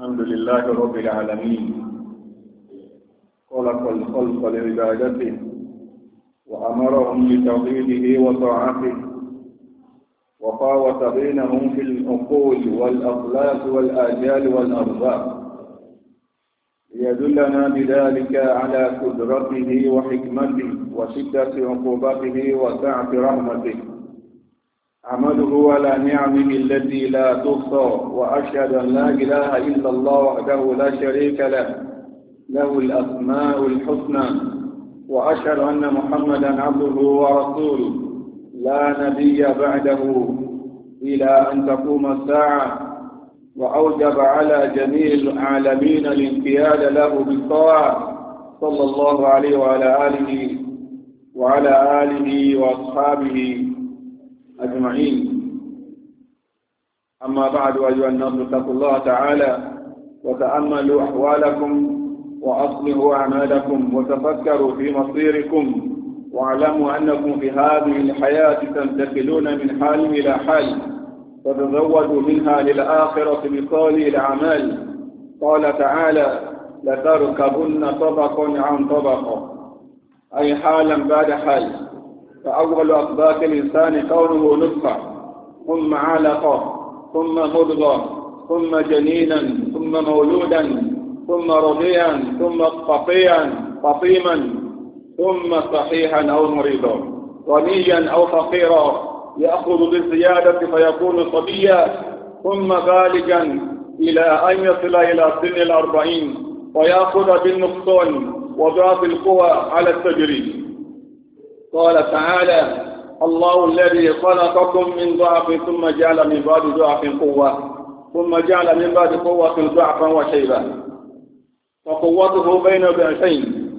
الحمد لله رب العالمين خلق الخلق لعبادته وأمرهم بتوحيده وطاعته وفاوت بينهم في العقول والأخلاق والآجال والأرزاق ليدلنا بذلك على قدرته وحكمته وشدة عقوبته وسعة رحمته أحمده على نعمه التي لا تخصى وأشهد أن لا إله إلا الله وحده لا شريك له له الأسماء الحسنى وأشهد أن محمدا عبده ورسوله لا نبي بعده إلى أن تقوم الساعة وأوجب على جميع العالمين الانقياد له بالطاعة صلى الله عليه وعلى آله وعلى آله وأصحابه أجمعين أما بعد أيها الناس اتقوا الله تعالى وتأملوا أحوالكم وأصلحوا أعمالكم وتفكروا في مصيركم واعلموا أنكم في هذه الحياة تنتقلون من حال إلى حال وتزودوا منها للآخرة بصالح الأعمال قال تعالى لتركبن طبقا عن طبق أي حالا بعد حال فأول أطباق الإنسان كونه نطفة ثم علقة ثم مضغة ثم جنينا ثم مولودا ثم رضيعا ثم قطيعا قطيما ثم صحيحا أو مريضا غنيا أو فقيرا يأخذ بالزيادة فيكون صبيا ثم بالغا إلى أن يصل إلى سن الأربعين ويأخذ بالنقصان وضعف القوى على التجريب قال تعالى الله الذي خلقكم من ضعف ثم جعل من بعد ضعف قوة ثم جعل من بعد قوة ضعفا وشيبا فقوته بين ضعفين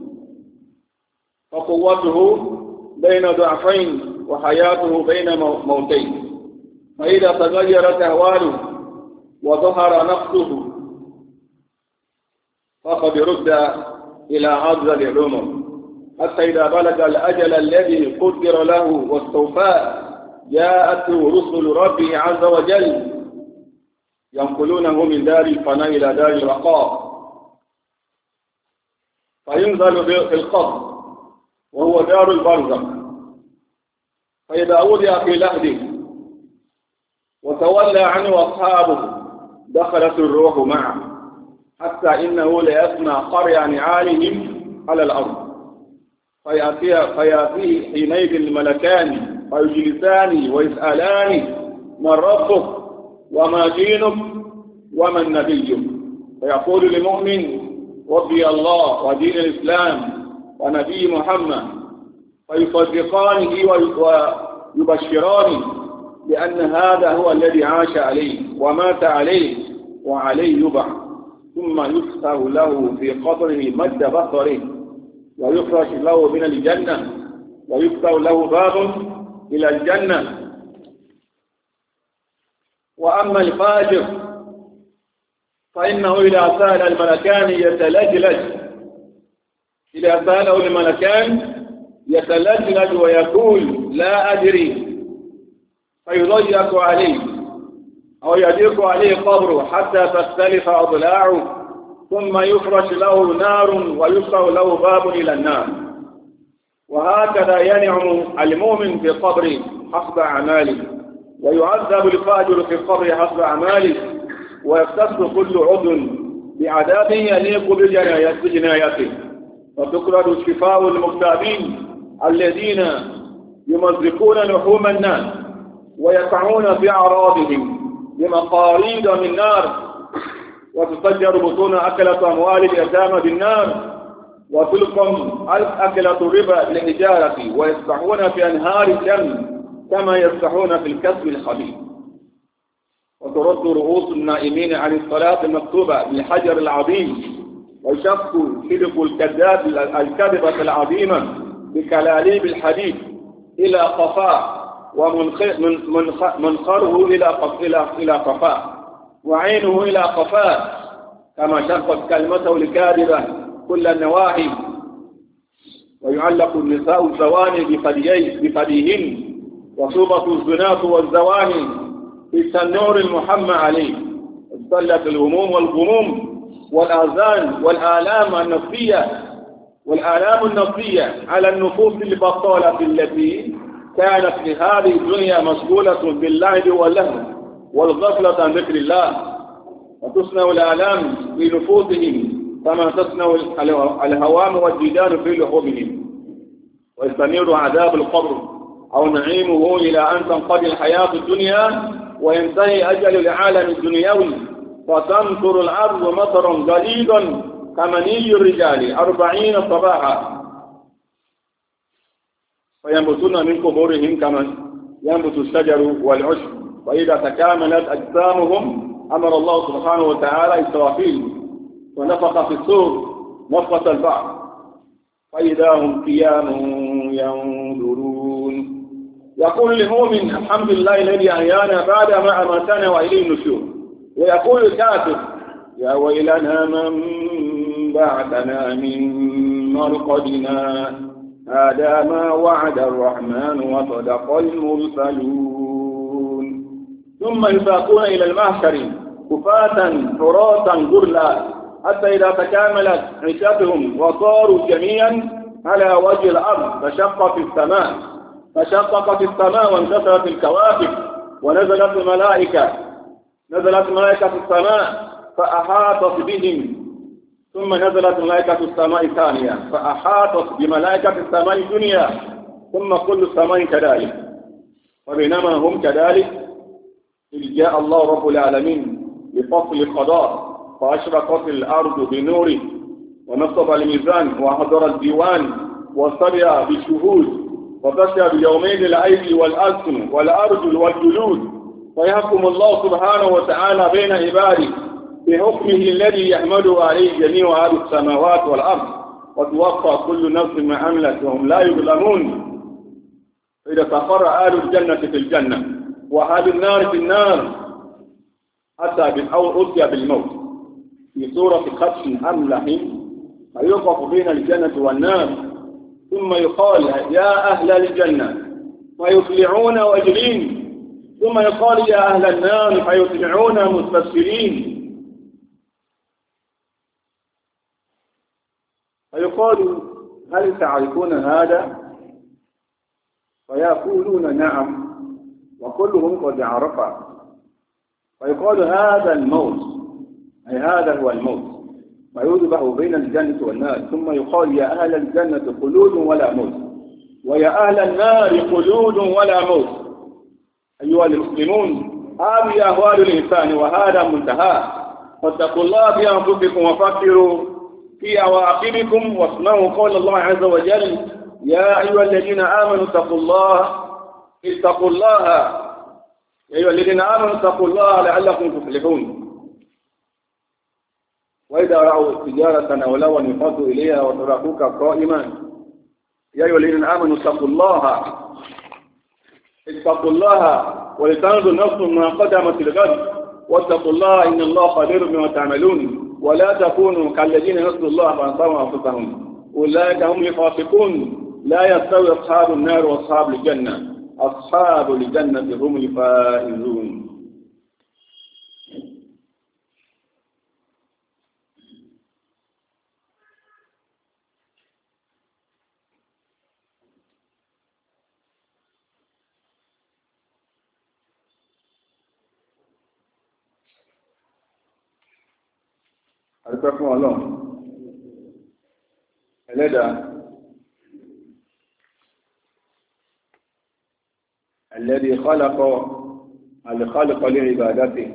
فقوته بين ضعفين وحياته بين موتين فإذا تغيرت أهواله وظهر نقصه فقد رد إلى أفضل العمر حتى إذا بلغ الأجل الذي قدر له واستوفاه جاءته رسل ربه عز وجل ينقلونه من دار الفناء إلى دار الرقاء فينزل في القبر وهو دار البرزخ فإذا وضع في لحده وتولى عنه أصحابه دخلت الروح معه حتى إنه ليسمع قرع نعالهم على الأرض فيأتيه حينئذ الملكان فيجلسان ويسألان من ربك وما دينك ومن نبيك فيقول لمؤمن ربي الله ودين الإسلام ونبي محمد فيصدقانه ويبشرانه لأن هذا هو الذي عاش عليه ومات عليه وعليه يبعث ثم يفتح له في قبره مد بصره ويخرج له من الجنة ويفتح له باب إلى الجنة وأما الفاجر فإنه إذا سال الملكان يتلجلج إذا ساله الملكان يتلجلج ويقول لا أدري فيضيق عليه أو يضيق عليه قبره حتى تختلف أضلاعه ثم يفرش له نار ويسر له باب إلى النار وهكذا ينعم المؤمن في القبر حسب أعماله ويعذب الفاجر في القبر حسب أعماله ويختص كل عضو بعذاب يليق بجنايته وتقرد شفاء المغتابين الذين يمزقون لحوم الناس ويقعون في أعراضهم بمقاريد من نار وتسجر بطون أكلة أموال اليتامى بالنار وتلقم أكلة الربا بالحجارة ويسبحون في أنهار الدم كما يسبحون في الكسب الخبيث وترد رؤوس النائمين عن الصلاة المكتوبة بالحجر العظيم ويشق حلق الكذاب الكذبة العظيمة بكلاليب الحديد إلى قفاه ومنخره إلى قفاه وعينه إلى قفاه كما شقت كلمته الكاذبة كل النواحي ويعلق النساء الزواني بفديهن وصوبة الزنات والزواني في التنور المحمى عليه اصطلت الهموم والغموم والآذان والآلام النفسية والآلام النفسية على النفوس البطالة التي كانت في هذه الدنيا مشغولة باللعب واللهو والغفلة عن ذكر الله وتصنع الآلام في نفوسهم كما تصنع الهوام والجدال في لحومهم ويستمر عذاب القبر أو نعيمه إلى أن تنقضي الحياة الدنيا وينتهي أجل العالم الدنيوي فتنثر الأرض مطرا جليدا كمني الرجال أربعين صباحا فينبتون من قبورهم كما ينبت الشجر والعشب وإذا تكاملت أجسامهم أمر الله سبحانه وتعالى إسرافيل ونفخ في الصور نفخة البعض فإذا هم قيام ينظرون يقول لمؤمن الحمد لله الذي أحيانا ما أماتنا وإليه النشور ويقول الكافر يا ويلنا من بعثنا من مرقدنا هذا ما وعد الرحمن وصدق المرسلون ثم يساقون إلى المحشر كفاة عراة غرلا حتى إذا تكاملت عشاتهم وصاروا جميعا على وجه الأرض فشقت السماء فشققت السماء وانكسرت الكواكب ونزلت الملائكة نزلت ملائكة السماء فأحاطت بهم ثم نزلت ملائكة السماء الثانية فأحاطت بملائكة السماء الدنيا ثم كل السماء كذلك وبينما هم كذلك إذ جاء الله رب العالمين بفصل القضاء فأشرقت الأرض بنوره ونصب الميزان وحضر الديوان وصرع بالشهود وخشى بيومين الأيدي والأسن والأرجل والجلود فيحكم الله سبحانه وتعالى بين عباده بحكمه الذي يحمده عليه جميع أهل السماوات والأرض وتوفى كل نفس ما عملت وهم لا يظلمون إذا سفر أهل الجنة في الجنة وأهل النار في النار أتى أو أتي بالموت في صورة خدش أملح فيوقف بين الجنة والنار ثم يقال يا أهل الجنة فيطلعون واجلين ثم يقال يا أهل النار فيطلعون مستسرين فيقال هل تعرفون هذا فيقولون نعم وكلهم قد عرفا فيقال هذا الموت أي هذا هو الموت فيذبح بين الجنة والنار ثم يقال يا أهل الجنة خلود ولا موت ويا أهل النار خلود ولا موت أيها المسلمون هذه أهوال الإنسان وهذا منتهى فاتقوا الله بأنفسكم وفكروا في أواقبكم واسمعوا قول الله عز وجل يا أيها الذين آمنوا اتقوا الله اتقوا الله يا أيها الذين آمنوا اتقوا الله لعلكم تفلحون وإذا رأوا التجارة أو لوا انفضوا إليها وتركوك قائما يا أيها الذين آمنوا اتقوا الله اتقوا الله ولتنظر نفس ما قدمت الغد واتقوا الله إن الله قدير بما تعملون ولا تكونوا كالذين نسوا الله فأنصروا أنفسهم أولئك هم الفاسقون لا يستوي أصحاب النار وأصحاب الجنة أصحاب الجنة هم الفائزون Adúpẹ́ fún هل ẹlẹ́dàá الذي خلق الخلق لعبادته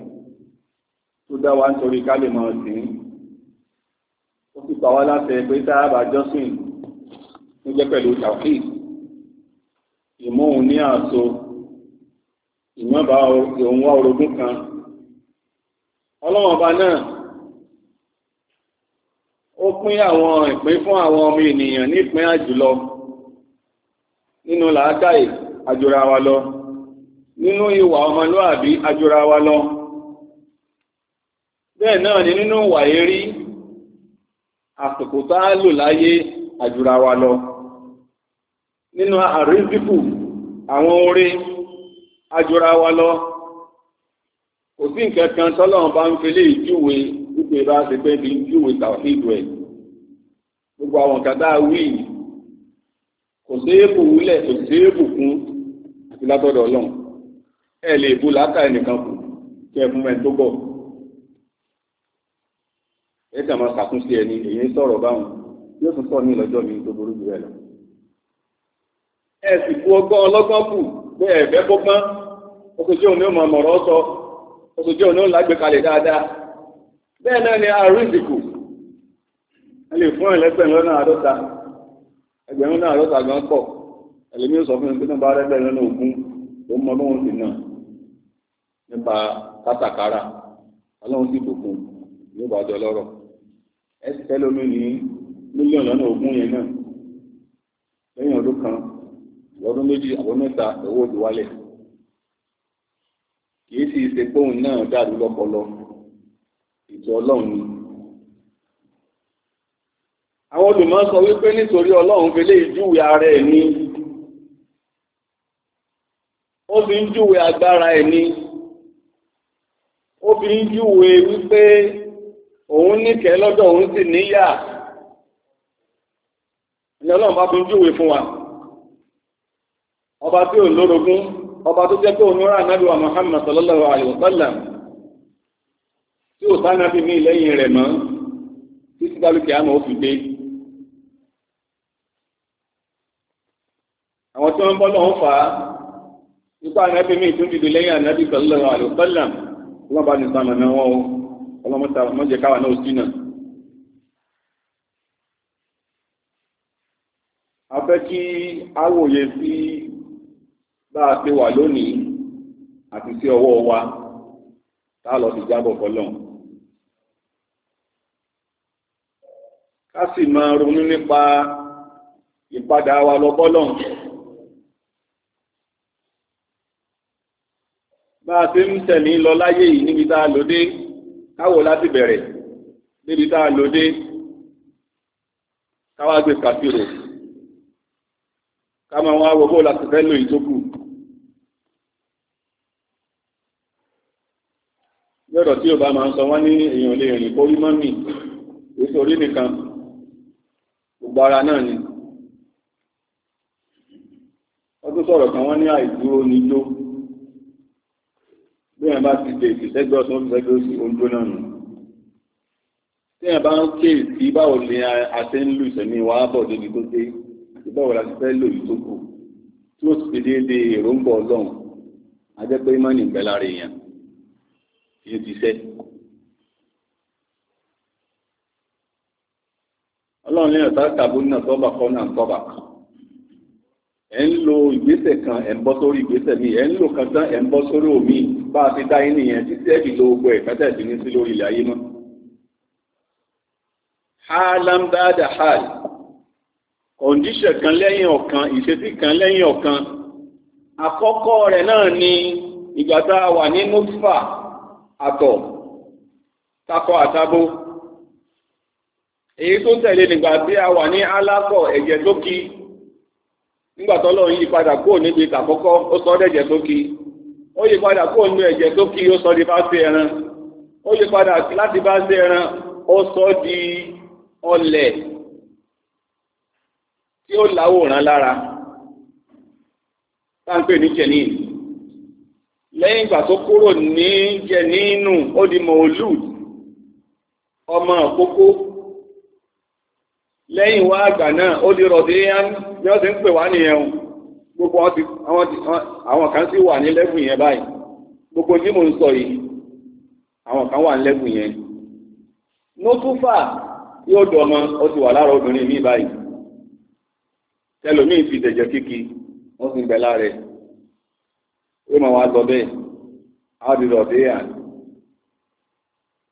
tó dá wa nítorí ká lè máa sìn ín ó sì pa wá láti ẹgbẹ́ tá a bá jọ́sìn ń jẹ́ pẹ̀lú tawhid ìmọ̀hún ní àṣọ ìmọ̀ba òun wá orogún kan ọlọ́wọ́n ọba náà ó pín àwọn ìpín fún àwọn ọmọ ènìyàn nípín àjùlọ wa lọ nínú ìwà ọmọlúàbí ajúra wa lọ bẹ́ẹ̀ náà ni nínú ìwà erí àsìkò lò láyé ajúra wa lọ nínú àrísìkù àwọn oore ajúra wa lọ kò sí nǹkan kan tọ́lọ́run bá ń fi lé ìjúwe wípé bá ṣe pé bí ìjúwe tàwíìdù ẹ̀ gbogbo àwọn nǹkan wí kò sí wúlẹ̀ kò sí èébù àti látọ̀dọ̀ ọlọ́run E lè bu làákà ẹnìkan kù ẹ fún tó bọ̀ ẹ sì máa ẹni èyí ń sọ̀rọ̀ báwọn yóò tún sọ ní ìlọ́jọ́ mi tó burú jù ẹ lọ. ẹ sì bu ọgbọ́n ọlọ́gbọ́n kù pé ẹ̀fẹ́ gbọ́gbọ́n ni sọ dáadáa bẹ́ẹ̀ náà ni ẹ lè nípa kátàkárà ọlọ́run sì bùkún yóò bá jọ lọ́rọ̀ ẹ sì fẹ́ lómi ní mílíọ̀nù lọ́nà ogún yẹn náà lẹ́yìn ọdún kan ọdún méjì àwọn mẹ́ta owó òdì wálẹ̀ kìí sì ṣe póun náà dàrú lọ́pọlọ ètò ọlọ́run ni àwọn olùmọ̀ sọ wípé nítorí ọlọ́run fi lé ìjúwe ara ẹ̀ ni ó fi ń júwe agbára ẹ̀ ni obi júwe wípé òun níkẹ́ lọ́dọ̀ òun sì níyà ni ọlọ́run bá fi ń júwe fún wa ọba tí ò lórogún ọba tó jẹ́ pé sallallahu alayhi tí ò sánábì mí lẹ́yìn rẹ̀ mọ́ ó fi dé. àwọn tí wọ́n bọ́ lọ́wọ́ fà á nípa tún dìde lẹ́yìn sallallahu alayhi ọlọ́ba ní sàmà náà wọ́n o ọlọ́mọta mọ́jẹ káwà náà sí náà. a fẹ́ kí a wòye sí bá a ṣe wà lónìí àti sí ọwọ́ wa tá a lọ sí jábọ̀ fọlọ́n. ká sì máa ronú nípa ìpadà wa lọ bá a ṣe ń tẹ̀mí lọ láyé yìí níbi tá a lòdé káwò láti bẹ̀rẹ̀ níbi tá a lòdé káwá gbé kàfíró ká máa wá wọ́pọ̀ láti fẹ́ lò ìtókù. lọ́rọ̀ tí ó bá máa ń sọ wọ́n ní èèyàn lè rìn kórí mọ́mì èso nìkan gbogbo náà ni wọ́n sọ̀rọ̀ kan wọ́n ní àìdúró níjó tí ẹ̀ bá ti dé ìfìsẹ́gbẹ́ ọ̀sán ìfìsẹ́gbẹ́ òsì oúnjẹ náà nù tí ẹ̀ bá ń ké sí báwo ni a ṣe ń lu ìsẹ̀mí wa bọ̀ débi tó dé àti báwo la ti fẹ́ lò yìí tó kù tí ó sì fi déédéé èròǹgbà ọlọ́run a jẹ́ pé mọ́nì ń bẹ lára èèyàn kì í ti sẹ́. ọlọ́run lẹ́yìn ọ̀tá kàbó náà tọ́ba kọ́ náà tọ́ba kan ẹ̀ ń lo ìgbésẹ̀ kan ẹ̀ ń bọ́ sórí ìgbésẹ̀ míì ẹ̀ ń lò kan tán ẹ̀ ń bọ́ sórí òmíì bá a ti dá yín nìyẹn títí ẹ̀ fi lo gbogbo ẹ̀ mẹ́tẹ̀ sí sí lórí ilẹ̀ ayé mọ́. haalam bada hal kọ̀ǹdíṣẹ̀ kan lẹ́yìn ọ̀kan ìṣesí kan lẹ́yìn ọ̀kan àkọ́kọ́ rẹ̀ náà ni ìgbà tá a wà ní nutfa àtọ̀ takọ àtabo èyí tó tẹ̀lé nígbà tí a wà ní alákọ̀ ẹ̀jẹ̀ tó kí nígbà tó lọ́run yí padà kúrò níbi ìkàkọ́kọ́ ó sọ dẹ̀jẹ̀ sókè ó yí padà kúrò nínú ẹ̀jẹ̀ sókè ó sọ di bá sí ẹran ó yí padà láti bá sí ẹran ó sọ di ọlẹ̀ tí ó láwòrán lára táǹpé ní jẹ̀nín lẹ́yìn ìgbà tó kúrò ní jẹ̀nínù ó di mọ̀ọ́lù ọmọ òkókó lẹ́yìn wá àgbà náà ó di rọ̀ sí ní ọ̀sẹ̀ ń pè wá nìyẹn gbogbo àwọn kan sì wà ní lẹ́bù yẹn báyìí gbogbo tí mò ń sọ yìí àwọn kan wà ní lẹ́bù yẹn nótúfà yóò dọmọ ó ti wà lára obìnrin mi báyìí tẹlomiin fi dẹ̀jẹ̀ kíkì wọ́n sì ń bẹ lára ẹ̀ ó máa bẹ́ẹ̀ á di rọ̀ sí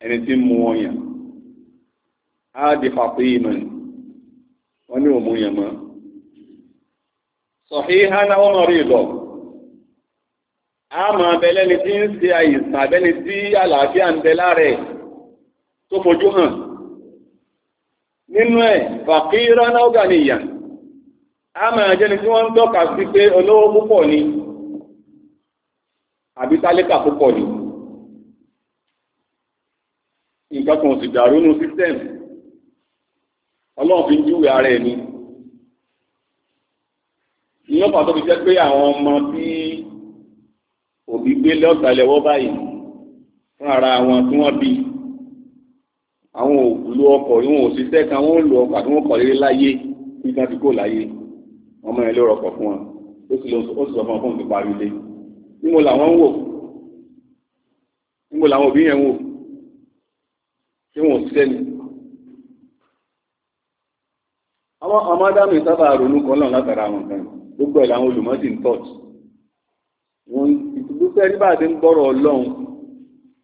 ẹni tí ń mu ọyàn á di fàfihàn wọ́n ní òmú yẹn mọ́ sọ̀hí hánà wọ́n mọ̀rí ìlọ a mọ̀ abẹ́lẹ́ni tí ń ṣe àìsàn abẹ́ni tí àlàáfíà ń tó fojú hàn nínú ẹ̀ fàkírá náà gà ní ìyà a mọ̀ je tí wọ́n tọ́ka sí pé olówó púpọ̀ ni àbí tálíkà púpọ̀ ni nǹkan kan sì dàrú ọlọ́run fi júwe ara ẹ̀ ni ìyẹn pàtó fi jẹ́ pé àwọn ọmọ tí òbí gbé lọ́sàlẹ̀wọ́ báyìí fún ara wọn tí wọ́n bí àwọn òkúlú ọkọ̀ ìwọ̀n òṣìṣẹ́ kan wọ́n lò ọkọ̀ àti wọ́n kọ̀ lé láyé kí wọ́n ti kó láyé ọmọ ẹ̀ ló rọkọ̀ fún wọn ó sì sọ fún wọn fún ti parí ilé níbo làwọn ń wò níbo làwọn òbí yẹn ń wò tí wọn ò ṣiṣẹ́ ni. àwọn ọmọ adámi sábà ronú kan náà látara àwọn nǹkan gbogbo ẹ̀ làwọn olùmọ́sí ń tọ́ọ̀tì wọn ìtùbúfẹ́ rí bá a ti ń gbọ́rọ̀ ọlọ́run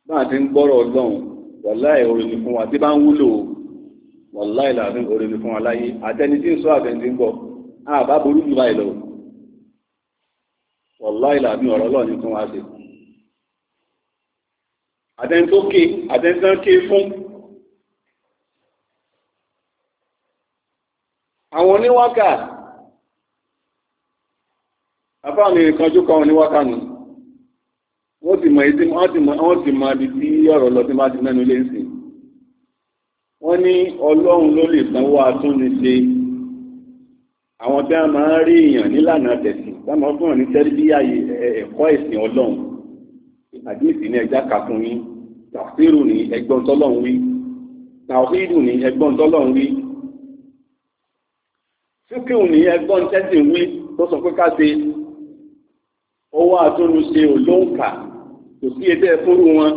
bá a ti ń gbọ́rọ̀ ọlọ́run wàláì orin ni fún wa tí bá ń wúlò wàláì làbí orin ni fún wa láyé àtẹni tí ń sọ àtẹni tí ń bọ̀ àbá burú jù báyìí lọ wàláì làbí ọ̀rọ̀ ọlọ́run ni fún wa ṣe àtẹni tó ké àtẹni tó ké fún àwọn oníwákà afáàmì ìkanjú kan oníwákà nù wọ́n ti mọ̀ ìdí wọ́n ti mọ̀ ibi tí ọ̀rọ̀ lọ sí máa ti mẹ́nu lé sí wọ́n ní ọlọ́run ló lè sanwó atúnni ṣe àwọn tí a máa ń rí èèyàn nílànà tẹ̀sìn táwọn ọkùnrin ní tẹ́lifíyà ẹ̀kọ́ ẹ̀sìn ọlọ́run àdíìsì ní ẹja kàkún yín tàfírù ní ẹgbọ́n tọ́lọ́run wí tàfírù ní ẹgbọ́n tọ́lọ́run wí fíkìhùn nìyẹn ẹgbọ́n tẹ́sí wí tó sọ pé ká ṣe owó àtúnṣe olóǹkà kò sí ẹgbẹ́ fóró wọn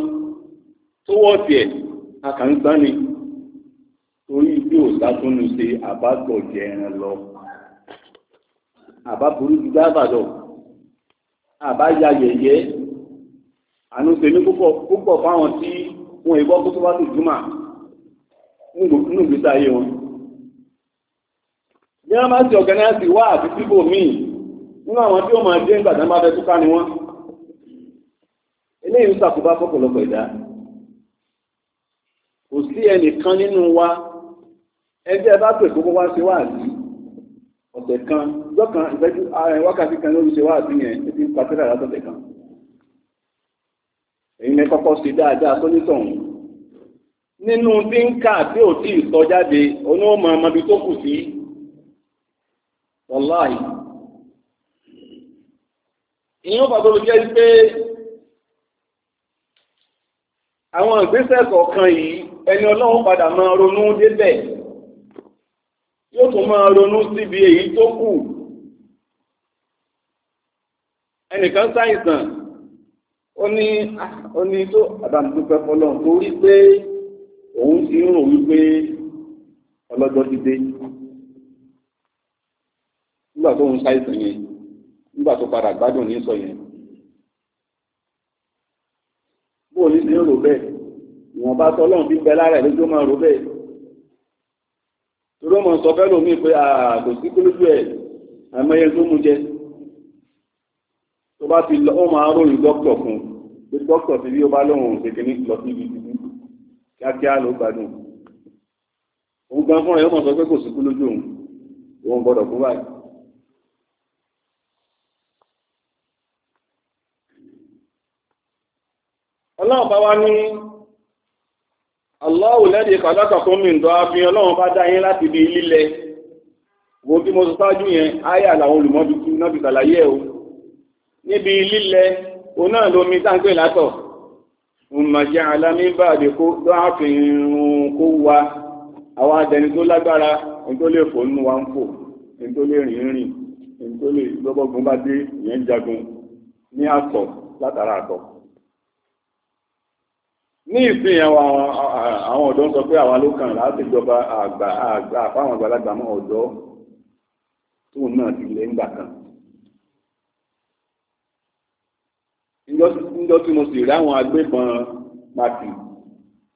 tó wọ́ọ̀tì ẹ̀ akàǹgbọ́n ni torí bí ò sátúnṣe àbátọ̀jẹ̀ ẹran lọ àbá burú ju dábàdọ̀ àbá ya yẹ̀yẹ́ ànúṣe ní púpọ̀ fáwọn tí wọn ìbọ́ kó tó bá tó jùmọ̀ nínú ìgbésí ayé wọn ní wọ́n máa ti ọ̀gánáìsì wá àti pípò míì nínú àwọn tí ó máa jẹ́ ìgbà tán bá fẹ́ túká ni wọ́n eléyìí ń ṣàkóbá fọ́pọ̀lọpọ̀ ìdá kò sí ẹnìkan nínú wa ẹgbẹ́ bá pè kókó wá ṣe wá àdí ọ̀sẹ̀ kan lọ́kàn ìfẹ́jú wákàtí kan lórí ṣe wá àdí yẹn ti ń pàtẹ́lá látọ̀tẹ̀ kan èyí ni kọ́kọ́ ṣe dáadáa tó nítọ̀hún nínú tí ń kà tí ò tí ì sọ jáde onú ọmọbi tó kù sí wàláì ìyẹn bàbá mi jẹ́ pé àwọn ìgbésẹ̀ kọ̀ọ̀kan yìí ẹni ọlọ́run padà máa ronú débẹ̀ yóò tún máa ronú síbi èyí tó kù ẹnìkan ṣàìsàn ó ní ah, ó ní tó àdàmùdúpẹ́ fọlọ́run torí pé òun ti ń rò wípé ọlọ́jọ́ ti dé nígbà tó ń ṣàìsàn yẹn nígbà tó padà gbádùn ní sọ yẹn bó o ní sí ń rò bẹ́ẹ̀ ìwọ̀nba tọ́lọ́run bí bẹ lára ẹ̀ lójú ó máa rò bẹ́ẹ̀ torí ọmọ sọ fẹ́ lómi pé ààbò sí kúlójú ẹ̀ àmọ́yẹ tó mú jẹ tó bá ti lọ ó máa ròyìn dókítọ̀ fún pé dókítọ̀ ti rí ó bá lóhùn kékeré lọ sí ibi títí kíákíá ló gbádùn òun gan fúnra ẹ̀ ó mọ̀ sọ pé kò sí kúlójú òun òun gbọ́dọ̀ fún báyìí ọlọ́run bá wá ní aláwò lẹ́dí kàdákà fún mi ǹdọ́ afi ọlọ́run bá dá yín láti bí lílẹ̀ wo bí mo sọ sáájú yẹn áyà làwọn olùmọ́bí tí náà fi sàlàyé ẹ̀ o níbi lílẹ̀ o náà lomi táǹgbé látọ̀ màjẹ́ alámi bá látara àtọ̀ ní ìsìn àwọn ọ̀dọ́ ń sọ pé àwa ló kàn láti jọba àgbà àgbà fáwọn àgbàlagbà mọ́ ọ̀dọ́ tóun náà ti lẹ́ ńgbà kan. níjọ́ tí mo sì rí àwọn agbébọn màtì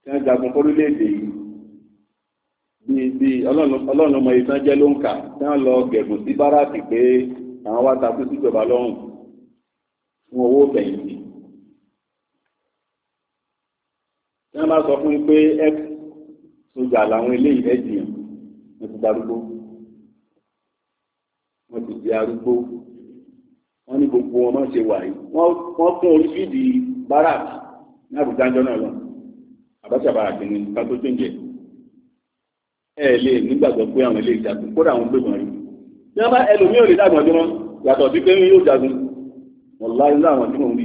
tí wọ́n jagun fọ́lúléèdè yìí bíi bíi ọlọ́run ọmọ ìtàn jẹ́ ló ń kà tí wọ́n lọ gẹ̀gùn sí báràkì pé àwọn wá takú síjọba lọ́rùn fún owó fẹ̀yìntì. ní wọ́n bá sọ fún pé x sójà làwọn eléyìí ẹ̀jìyàn mo ti darúgbó mo ti di arúgbó wọ́n ní gbogbo wọn máa ṣe wà yìí wọ́n fún orí fídì báràkì ní àbújá ńjọ́ náà lọ àbáṣà báràkì ní ká tó tó ń jẹ ẹ lè nígbàgbọ́ pé àwọn eléyìí jagun kódà àwọn gbẹ̀gbọ̀n rí bí wọ́n ò lè dàgbọ́n dúró yàtọ̀ sí pé yóò jagun wọ́n láyé láwọn tí mò ń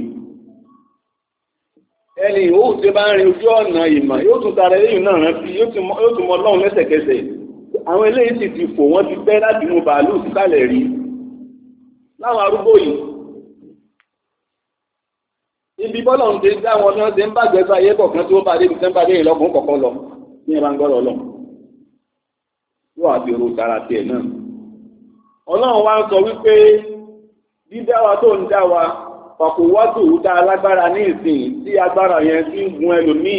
ẹni yòówù tí ó bá ń rin ojú ọ̀nà ìmọ̀ yóò tún tara eléyìí náà rántí yóò tún mọ ọlọ́run lẹ́sẹ̀kẹsẹ̀ àwọn eléyìí sì ti fò wọ́n ti pẹ́ láti mú bàálù sísàlẹ̀ rí láwọn arúgbó yìí ibi bọ́lọ̀ ń ṣe dá wọn ní wọ́n ṣe ń bàgbẹ́ bá ayé kọ̀ọ̀kan tí ó bá dé ibi tí wọ́n bá dé ìlọ́kùn kọ̀ọ̀kan lọ ní ẹ̀rọ àgbọ̀rọ̀ lọ yóò àti ro tara tiẹ̀ náà ọlọ́run wá ń sọ wípé dídá wa tó ń dá wa ọ̀pọ̀wọ́tò dá alágbára ní ìsìn tí agbára yẹn ti ń gun ẹlòmíì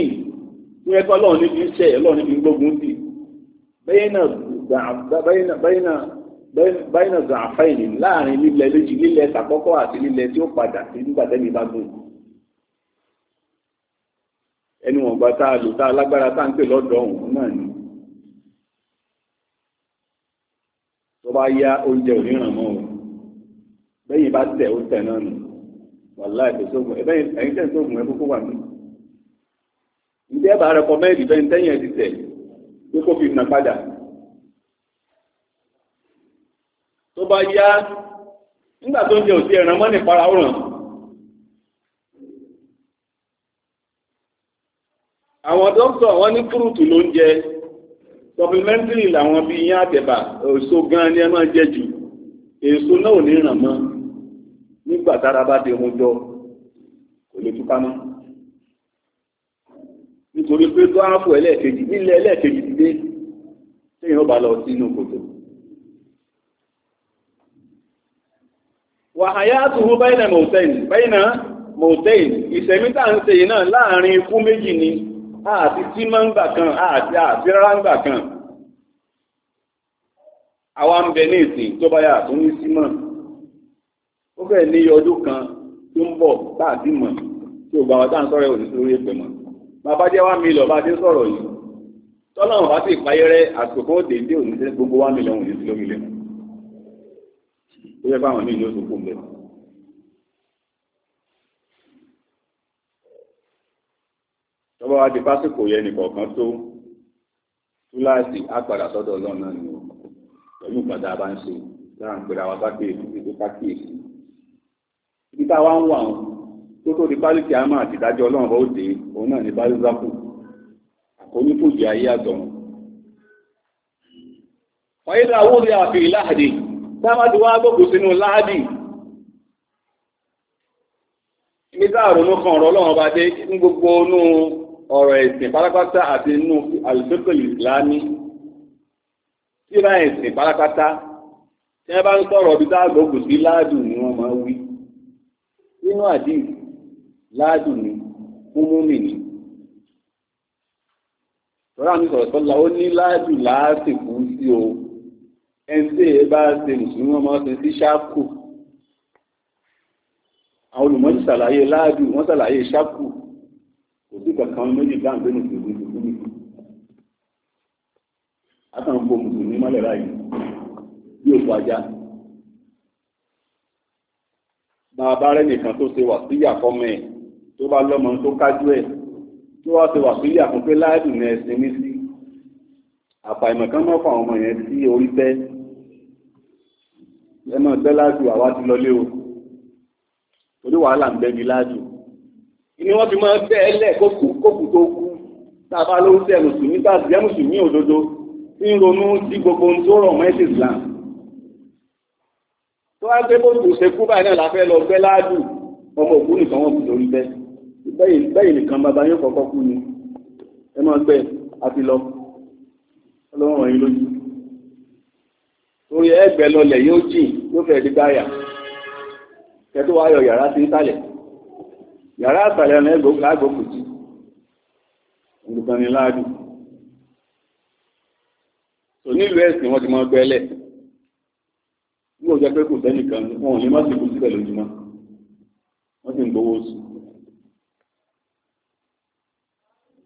tí wọ́n kọ́ lọ́ọ̀ níbi iṣẹ́ ẹ̀ lọ́ọ̀ níbi gbógun sí bẹ́yìnà zàfẹ́yìn láàrin lílẹ̀ méjì lílẹ̀ tàkọ́kọ́ àti lílẹ̀ tí ó padà sí nígbà tẹ́mi bá gùn ẹnu ọ̀gbà tá a lò tá alágbára tá ń pè lọ́dọ̀ ọ̀hún náà ni tó bá yá oúnjẹ òníran mọ́ o bẹ́yìn bá tẹ̀ ó tẹ̀ náà nù wàláì kò sóògùn ẹ̀bẹ́ ẹ̀yin tẹ̀ ń sóògùn ẹ̀ kókó wà ní. ǹjẹ́ ẹ bá rẹ kọ́ mẹ́rin ìfẹ́ ntẹ́yìn ẹ̀ ti tẹ̀ pé kó fi nà padà. tó bá yá nígbà tó ń jẹ òsì ẹ̀ràn mọ́ nípa ara ọ̀ràn. àwọn dókítà wọn ní fúrúùtù ló ń jẹ supplementary làwọn bíi yín àtẹ̀bà èso gan ni ẹ máa jẹ jù èso náà ò ní ràn mọ́ nígbà tára bá dé ohun jọ kò lè túká mọ́ nítorí pé tó áàpù ẹlẹ́ẹ̀kejì nílẹ̀ ẹlẹ́ẹ̀kejì ti dé téèyàn bá lọ sínú kòtò wàhàyà àtúhù báyìnà mọ̀tẹ́yìn báyìnà mọ̀tẹ́yìn ìṣẹ̀mítà ń ṣe náà láàrin ikú méjì ni àti tí máa ń gbà kan àti àti rárá ń gbà kan àwa ń ní ìsìn tó bá yà ní símọ̀ fẹ́ẹ̀ ní ọdún kan tó ń bọ̀ táàdì mọ̀ tí ògbà wa táà ń sọ̀rọ̀ òní sórí èpè mọ̀ bàbá jẹ́ wá mílíọ̀ bá ti ń sọ̀rọ̀ yìí tọ́lọ́run bá sì páyé rẹ àsìkò kan ó dé dé òní sí gbogbo wá mílíọ̀ òní sí lómi lẹ́nu ó yẹ fáwọn míì ní oṣù fún mi. tọ́ba wa di pásítọ̀ yẹn nìkọ̀ọ̀kan tó túláàsì á padà sọ́dọ̀ ọlọ́run náà ni pẹ̀lú ìgbàdá bá ń ṣe pẹ̀lú àwọn bá kéèké kéèké ibi táwa ń wà wọn tó tó di bálùkì àmà àti ìdájọ́ ọlọ́run ó dé òun náà ní bálùzákù àkónífòjì ayé àtọ̀run. wọ́n yíra owó rí àfi láàdì sáwádìí wá gbòkù sínú láàdì ibi tá àrùn kan ọ̀rọ̀ ọlọ́run ọba dé ní gbogbo inú ọ̀rọ̀ ẹ̀sìn pátápátá àti inú àlùfẹ́kọ̀lì ìsìlámì síra ẹ̀sìn pátápátá tí wọ́n bá ń sọ̀rọ̀ ibi tá àgbòkù sí láàdù ní nínú àdìrí láàdùn ni múmúmì ni tọ́lá mi sọ̀rọ̀ tọ́lá ó ní láàdùn láàsìkò sí o ẹni tí èyí bá ṣe mùsùlùmí ọmọ ṣe sí ṣáàkù àwọn olùmọ́jú ṣàlàyé láàdùn wọ́n ṣàlàyé ṣáàkù kò sí kankan méjì dáhùn pé mùsùlùmí mùsùlùmí àtàwọn kò mùsùlùmí mọ́lẹ̀ láyé bí òkú ajá bá a bá rẹ́ nìkan tó ṣe wà sí àkọ́mọ ẹ̀ tó bá lọ́mọ tó kájú ẹ̀ tó wá ṣe wà sí àkọ́mọ pé láàdùn ẹ̀ ṣe ní sí àfàìmọ̀ kan mọ́ fún àwọn ọmọ yẹn sí orí tẹ́ ẹ mọ̀ tẹ́ láàjù àwa ti lọlé o torí wàhálà ń bẹ́bi láàjù ni wọ́n fi máa tẹ́ ẹ kókù kókù tó kú tàbá ló ń tẹ́ mùsùlùmí tàbí jẹ́ mùsùlùmí òdodo ń ronú sí gbogbo ohun tó rọ̀ mọ́ ẹ̀sìn Islam tó wá gbé bóòtù ṣekú báyìí náà la fẹ́ lọ gbẹ́ láàdù ọmọ òkú nìkan wọn kù lórí bẹ́ bẹ́yìí nìkan bàbá yín kọ́kọ́ kú ni ẹ máa gbẹ àti lọ ọlọ́run ọ̀yin lójú torí ẹgbẹ́ lọlẹ̀ yóò jìn yóò fẹ́ di gbáyà kẹtó wá yọ yàrá sí ìsàlẹ̀ yàrá àtàlẹ̀ ọ̀nà ẹgbẹ́ lágbókù jì olùkọ́ni láàdù tò nílùú ẹ̀sìn wọn ti mọ gbẹ́lẹ̀ ní òjá pé kò sẹ́nìkan wọn ò lè má sìnkú síbẹ̀ lójúmọ́ wọ́n sì ń gbowó oṣù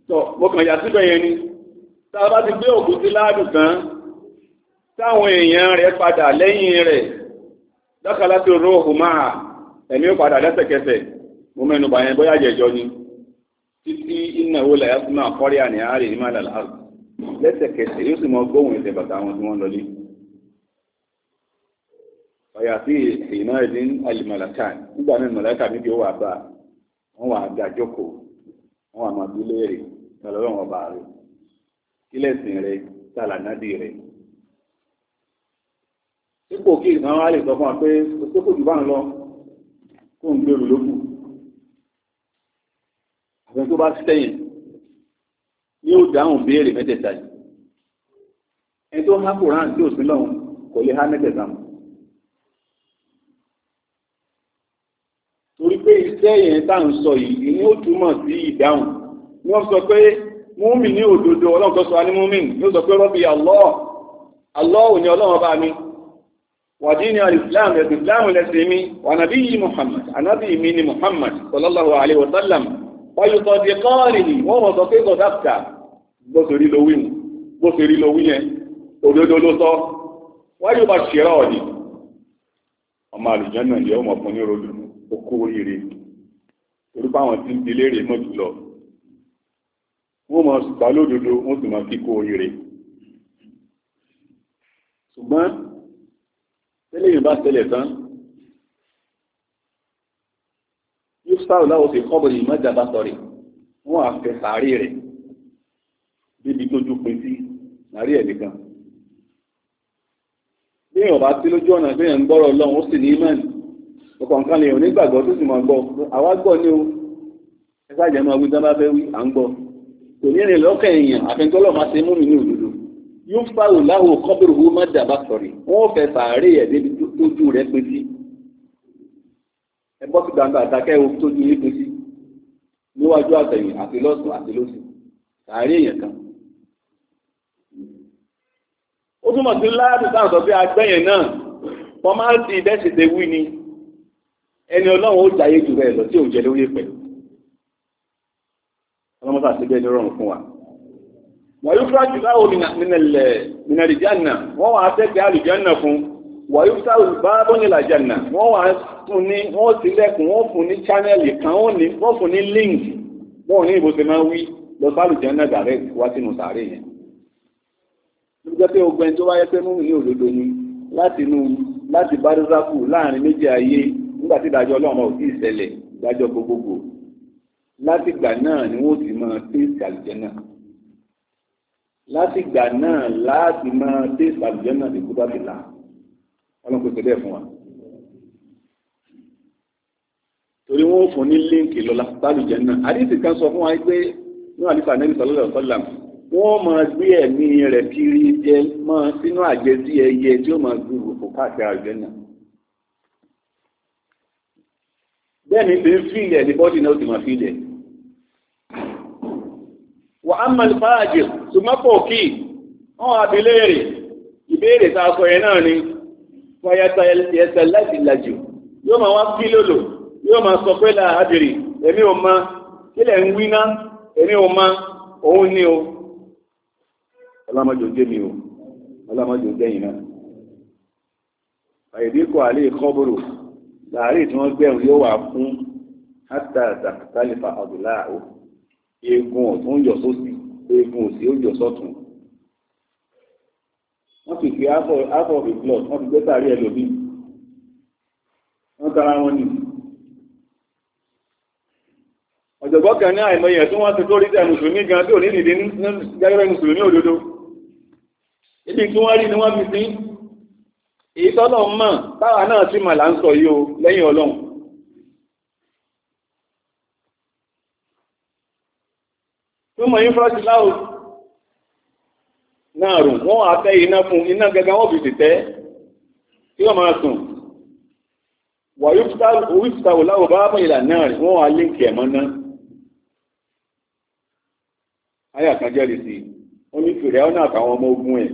tọ́ mọ́kàn yà síbẹ̀ yẹn ni tá a bá ti gbé òkú sí láàdù kan táwọn èèyàn rẹ̀ padà lẹ́yìn rẹ̀ dákàlá tó rọ òkú máa ẹ̀mí ó padà lẹ́sẹ̀kẹsẹ̀ mo mẹ́nu bà yẹn bóyá jẹjọ ni títí iná wo làyà àníhárì ní má lẹ́sẹ̀kẹsẹ̀ yóò sì mọ gbóhùn ìṣẹ̀bàtà àwọn tí wọ́n lọ lé ọ̀yàtí ìná ẹ̀dín alìmọ̀láta nígbà náà mọ̀láta níbi ó wà bá wọn wà ga jókòó wọn wà máa bí léèrè tọ́lọ́rọ̀ wọn bá rẹ̀ kílẹ̀sìn rẹ̀ tààlà nádì rẹ̀. dípò kí ìná wa lè sọ fún wa pé o kò jù bá ń lọ kó ń gbèrú lókù àfẹ́ tó bá sẹ́yìn ni ó dáhùn béèrè mẹ́tẹ̀ẹ̀ta yìí ẹni tó há kùrán tí ò sí lọ́hùn kò lè há mẹ́tẹ̀ẹ̀ta mọ́. iṣẹ́ yẹn tá à ń sọ yìí ni ó túmọ̀ sí ìdáhùn ni wọ́n sọ pé múmi ní òdodo ọlọ́run tó sọ wá ní múmi ni ó sọ pé rọ́bì Allah Allah ò ní ọlọ́run bá mi wàdí ni alìsílámù ẹ̀sìn ìsìlámù lẹ́sìn mi wà nàbí yìí Muhammad anábì mi ni Muhammad sallallahu alayhi wa sallam ọyùtọ̀ di kọ́ọ̀rì ni wọ́n mọ̀ sọ pé kò dáfta bó ṣe rí ló wí bó ṣe rí ló wí yẹn òdodo ló sọ wáyé bá ọmọ àlùjọ náà yẹ ọmọ fún ní rọlù ó kó oríire orúkọ àwọn tí ń di léèrè mọ́ jùlọ wọ́n mọ̀ ṣùgbà lódodo wọ́n sì mọ̀ kíkó oríire ṣùgbọ́n tẹ́lẹ̀ yìí bá tẹ́lẹ̀ tán yóò sáà láwọ́ sí kọ́bọ̀ yìí mọ́jà bá sọ̀rẹ̀ wọ́n á fẹ́ sàárè rẹ̀ débi tójú pin sí sàárè ẹ̀ nìkan bí èèyàn bá sí lójú ọ̀nà bí èèyàn ń gbọ́rọ̀ ọlọ́run ó ní ìmánì ọkàn kan lè yàn nígbàgbọ́ tó sì máa gbọ́ àwa gbọ́ ní o ẹ sáàjẹ́ máa wí tán bá fẹ́ wí à ń gbọ́ kò ní ìrìn lọ́kàn èèyàn àfẹnjọ́lọ́ máa ṣe mú mi ní òdodo yóò fáwò láwò kọ́bìrì owó má dàbà sọ̀rì wọ́n fẹ́ sàárè ẹ̀ débi tójú rẹ̀ pé sí ẹ bọ́ sí àtàkẹ́ o tójú yín pé sí níwájú àtẹ̀yìn àti lọ́sùn àti lọ́sùn sàárè èèyàn kan ó túmọ̀ sí láàbù sáà sọ pé náà wọ́n máa ń ti ìdẹ́sìtẹ̀ wí ni ẹni ọlọ́run ó jayé jù bẹ́ẹ̀ lọ tí òun jẹ lórí ìpẹ́ ọlọ́mọ́sà síbẹ̀ ní rọrùn fún wa wàyú fúrájù láwọn minalẹ̀ minalìjánà wọ́n wà á tẹ́gbẹ́ àlùjánà fún wàyú sáwù bá bóyìnlá jánà wọ́n wà á fún ní wọ́n ti lẹ́kùn wọ́n fún ní chánẹ́lì kan wọ́n fún ní link wọ́n ní ìbò ṣe máa wí lọ bá àlùjánà dàrẹ́ wá sínú sàárè yẹn ló jẹ́ pé ogun ẹni tó wáyé pé mú ní òdodo ni láti bá dúrákù láàrin méjì ayé nígbà tí ìdájọ́ ọlọ́run ò tí ì ṣẹlẹ̀ ìdájọ́ gbogbogbò látìgbà náà ni wọ́n ti máa tẹ̀sí àlùjẹ́nà látìgbà náà láti máa tẹ̀sí àlùjẹ́nà ní kú bá fi là ọlọ́run pèsè bẹ́ẹ̀ fún wa. torí wọn ò fún ní líǹkì lọ lálùjẹ́nà àdìsí kan sọ fún wa pé ní àdìsí ànábì sallallahu alaihi wasallam wọ́n máa gbé ẹ̀mí rẹ̀ kiri jẹ máa sínú àjẹsí ẹyẹ tí ó máa gbúròó fún káàkiri àlùjẹ́nà. bẹ́ẹ̀ni pé feel fílẹ̀ ní bọ́dì náà ti máa fílẹ̀ wà ya mọ̀ fàájì ṣùgbọ́pọ̀ kí wọ́n wà bí léèrè ìbéèrè ta sọ ẹ̀ náà ni ya ẹsẹ̀ láti làjù yóò máa wá kí lòlò yóò máa sọ pé láàbìrì èmi ò mọ̀ kílẹ̀ ń wíná èmi ò mọ̀ òun ni o ọlọ́mọdé ò jẹ́mi o ọlọ́mọdé ò jẹ́yìn náà láàárín tí wọ́n gbẹ̀rún yóò wà fún hátà zakitalifa o eegun ọ̀tún yọ sósì eegun òsì ó yọ sọ́tún wọ́n sì fi half of a blood wọ́n fi gbé sàárì ẹlòmíì wọ́n tara wọn nì. ọ̀jọ̀gbọ́n kan ní àìmọye ẹ̀sùn wọn ti tó rí tẹ̀ mùsùlùmí gan tí ò ní nìdí ní gẹ́gẹ́ mùsùlùmí òdodo ibi tí wọ́n rí ni wọ́n fi sí èyí tọ́lọ̀ mọ̀ táwa náà sì mọ̀ là ń sọ yìí o lẹ́yìn ọlọ́run túmọ̀ infrared cloud náà rùn wọ́n á tẹ́ iná fún iná gẹ́gẹ́ wọ́n fi tẹ́ tí wọ́n máa sùn wà yífútàwò láwò bá mọ̀ ìlà náà rí wọ́n á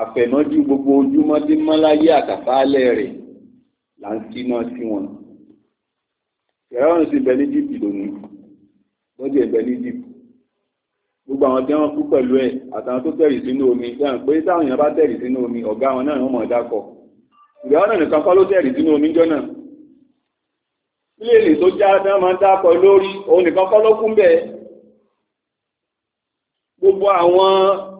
àfẹ̀mọ́jú gbogbo ojúmọ́ tí mọ́láyé àtàfáàlẹ̀ rẹ̀ là ń síná sí wọn. ìrọ̀rùn sí ibẹ̀ ní dìbì lónìí lọ́jọ́ ibẹ̀ ní dìbì. gbogbo àwọn tí wọ́n kú pẹ̀lú ẹ̀ àtàwọn tó tẹ̀rì sínú omi dáhùn pé táwọn èèyàn bá tẹ̀rì sínú omi ọ̀gá wọn náà wọ́n mọ̀ dákọ̀. ìrọ̀rùn nìkan kọ́ ló tẹ̀rì sínú omi jọ náà. ilé èlé tó já dán máa ń dákọ̀ lórí òun nìkan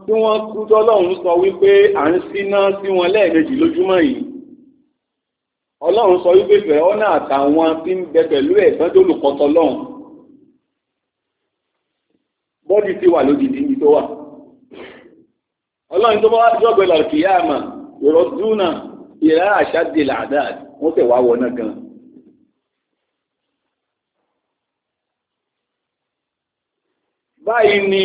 tí wọ́n kú tọ́lọ́run sọ wípé à ń síná sí wọn lẹ́ẹ̀mejì lójúmọ́ yìí ọlọ́run sọ wípé fẹ̀hónà àtàwọn tí ń bẹ pẹ̀lú ẹ̀gbọ́n tó lùkọ́ tọ́lọ́run bọ́dì ti wà lójijì ní tó wà ọlọ́run tó bá wá jọ́gbẹ́ lọ kì í àmà ìrọ̀ dúnà ìrà àṣà di làdá wọ́n tẹ̀ wá wọná gan. báyìí ni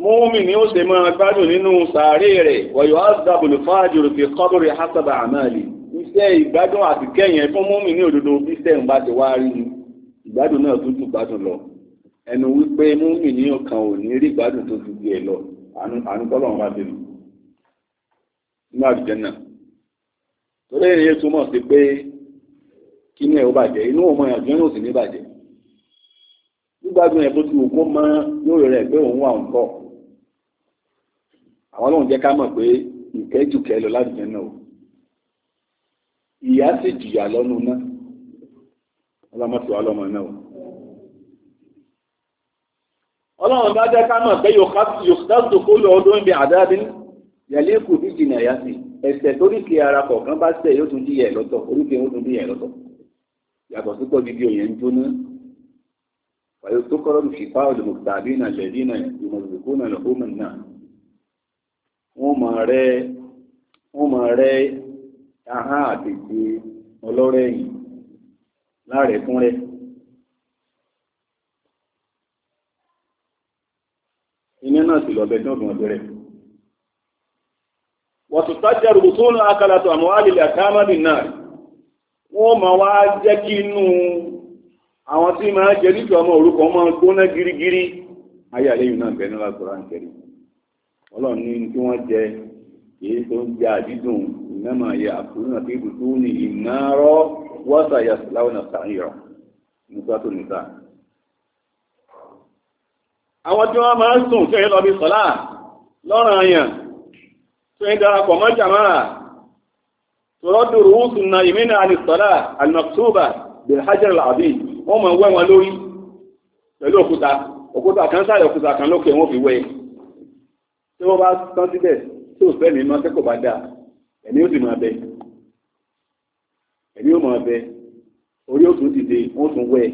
múmi ni ó ṣe máa gbádùn nínú sàárè rẹ̀ wọ̀yọ̀ azabul fájòrò fi kọ́bùrì hasaba àmàlì iṣẹ́ ìgbádùn àti kẹ́yìn fún múmi ní òdodo bí sẹ́yìn bá ti wá rí ni ìgbádùn náà tún tún gbádùn lọ ẹnu wípé múmi ní ọkàn ò ní rí ìgbádùn tó ti díẹ̀ lọ ànúkọ́lọ́ wọn bá ti lù nínú àdìjẹ́ náà torí èyí túmọ̀ sí pé kí ní ẹ̀ ó bàjẹ́ inú ọmọ ìyàjọ́ náà sì ní bàjẹ́ gbígbádùn rẹ̀ pé òun wà ń kọ́ àwọn ọlọ́run jẹ́ ká mọ̀ pé ìkẹ́ jù kẹ́ lọ láàrin náà o ìyá sì jìyà lọ́nu náà ọlọ́mọ̀tò ọlọ́mọ náà o ọlọ́run bá jẹ́ ká mọ̀ pé yòókàtù kó lọ ọdún ibi àdáàbí yẹ̀lẹ́kù bí jìnà ìyá sí ẹsẹ̀ toríkì ara kọ̀ọ̀kan bá sẹ̀ yóò tún díyẹ̀ lọ́tọ̀ oríkì yóò tún díyẹ̀ lọ́tọ̀ yàtọ̀ sí pọ̀ gidi òyìn jóná pẹ̀lú tó kọ́rọ́ lù fìfá olùmọ̀tàbí náà lẹ́bí náà ìmọ̀lùkú náà lọ́kọ́ náà wọ́n mọ̀ wọ́n mọ̀ rẹ̀," ahán àtẹ̀tẹ̀ ọlọ́rẹ́ yìí láàrẹ̀ fún rẹ̀. iná náà sì lọ́bẹ̀ dọ́gbọ̀n ọ̀dọ́ rẹ̀. wọ̀tùtájà rùbùtún akálàtọ̀ àmọ́ àlèlè àkámàdì náà wọ́n máa wá jẹ́ kí inú àwọn tí ma jẹ́ nítorí ọmọ gbóná gírígírí ayé àlẹ́yìn náà bẹ̀rẹ̀ ọlọ́run ní tí wọ́n jẹ èyí tó ń jẹ àdídùn ìnáma yẹ àkúrúnà tí ibùdó ní ìnáró wọ́sà yasùláwọ̀ náà sàáyọ̀ nígbà tó níta. àwọn tí wọ́n máa ń sùn tí wọ́n lọ bí sọ́lá lọ́rùn àyàn tí wọ́n darapọ̀ mọ́ jàmáà tọ́lọ́dù rúùsùn náà yìmínà àni sọ́lá alimaktuba bilhajar alabi wọ́n máa wẹ́ wọn lórí pẹ̀lú òkúta òkúta kan sáyẹ̀ òkúta kan lókè wọn fi wẹ́ tí wọ́n bá tán síbẹ̀ tí ò fẹ́mi mọ́ tẹ́kọ̀ọ́ bá dáa ẹ̀mí ó sì máa bẹ ẹ̀mí ó máa bẹ orí ó tún dìde wọ́n tún wẹ̀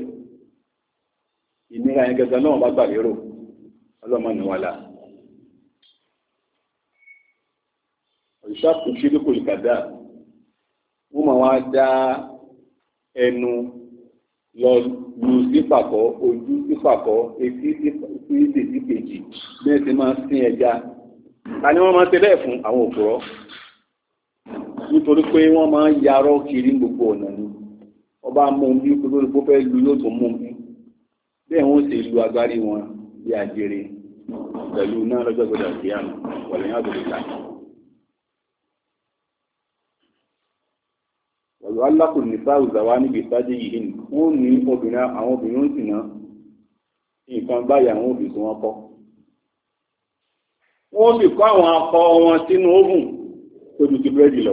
ìnira yẹn náà bá gbà lérò ọlọ́mọ ni wàhálà òṣìṣẹ́ àkùnṣe ló kò lè kàdá wọ́n máa wá dá ẹnu lọ lu sípàkọ́ ojú sípàkọ́ etí sí ìdèjì kejì bẹ́ẹ̀ ti máa sin ẹja ta ni wọ́n máa ń ṣe bẹ́ẹ̀ fún àwọn òpùrọ́ nítorí pé wọ́n máa ń yarọ́ kiri gbogbo ọ̀nà ni ọba mú bí olórí bó fẹ́ lu yóò tún mú bí bẹ́ẹ̀ wọ́n sì lu agbárí wọn bí àjèrè pẹ̀lú náà lọ́jọ́ gbọdọ̀ sí àná wọ̀lẹ́ yàgò lè ta. wọ̀lú alákùn ní sáwùzà wa níbi ìsájì yìí ni wọ́n ní obìnrin àwọn obìnrin ń sì ná nǹkan báyìí àwọn òbí tí wọ́n kọ́ wọ́n sì kọ́ àwọn akọ wọn sínú oven tó ju ti búrẹ́dì lọ.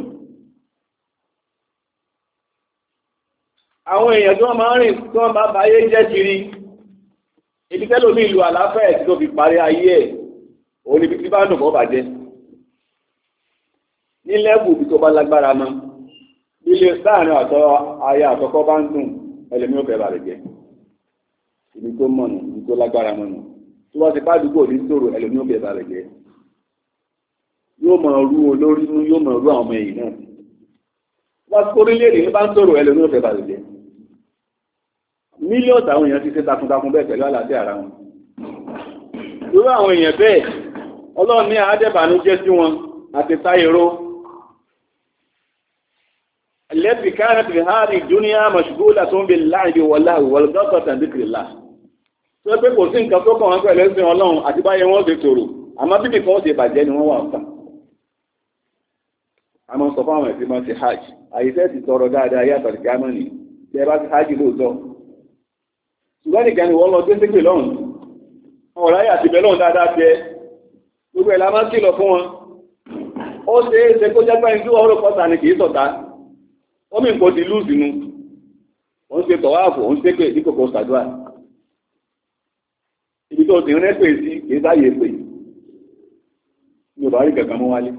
àwọn èèyàn tí wọ́n máa ń rìn tí wọ́n bá báyé jẹ́ kiri ibi tẹ́lómi ìlú àlàáfẹ́ tí tó fi parí ayé ẹ̀ òun níbi tí bá dùn kọ́ bàjẹ́ ní lẹ́bùn ibi tó bá lágbára mọ́ ilé láàrin àtọ́ aya àkọ́kọ́ bá ń dùn ẹlẹ́mí ò fẹ́ bàrẹ̀ jẹ́ ibi tó mọ̀nà ibi tó lágbára mọ̀nà tó bá ti bá àdúgbò ní sòrò ẹlẹ́mí ò fẹ́ bàrẹ̀ yóò máa rú olórí nú yóò máa rú àwọn ọmọ ẹ̀yìn náà wá orílẹ̀-èdè ní bá ń sọ̀rọ̀ ẹlẹ́nu ọ̀fẹ́ bàlùjẹ́ mílíọ̀nù àwọn èèyàn ti ṣe takuntakun bẹ́ẹ̀ pẹ̀lú àlàáfíà ara wọn irú àwọn èèyàn bẹ́ẹ̀ ọlọ́run ní àádẹ́bàánú jẹ́ sí wọn àti táyẹ̀rọ lẹ́bí káàkiri fi ha rí dúníà mọ̀ṣùgbọ́lá tó ń bè láàrin bí wọlá wọlgọ́tọ̀ tàbíkìrìlá tó pé kò sí nǹkan tó kàn wọ́n pẹ̀lú ẹ̀sìn ọlọ́run àti báyẹ̀ wọ́n ṣe tòrò àmọ́ bíbí kan ó ṣe bàjẹ́ ni wọ́n wà fún a máa ń sọ fún àwọn ẹ̀sìn máa ti hajj àyíṣẹ́ ti tọrọ dáadáa yàtọ̀ ní gámọ́nì tí ẹ bá ti hajj lóòótọ́ ṣùgbọ́n nìkan ni wọ́n lọ tó ṣépè lọ́hùn àwọn ọ̀rá yà ti bẹ̀ lọ́hùn dáadáa tẹ gbogbo ẹ̀ la máa ń kìlọ̀ fún wọn ó ṣe é ṣe kó jẹ́ pé ìdúró ọ̀rọ̀ pọ́ta ni kì í sọ̀tá ó mì nǹkan ti lùzì nu ó ń ṣe tọ̀wáàfù ó ń ṣépè ní kòkó ṣàdúrà ibi tó ti rẹ́pè sí kì í sáyè pè ní ò bá rí kankan mú wálé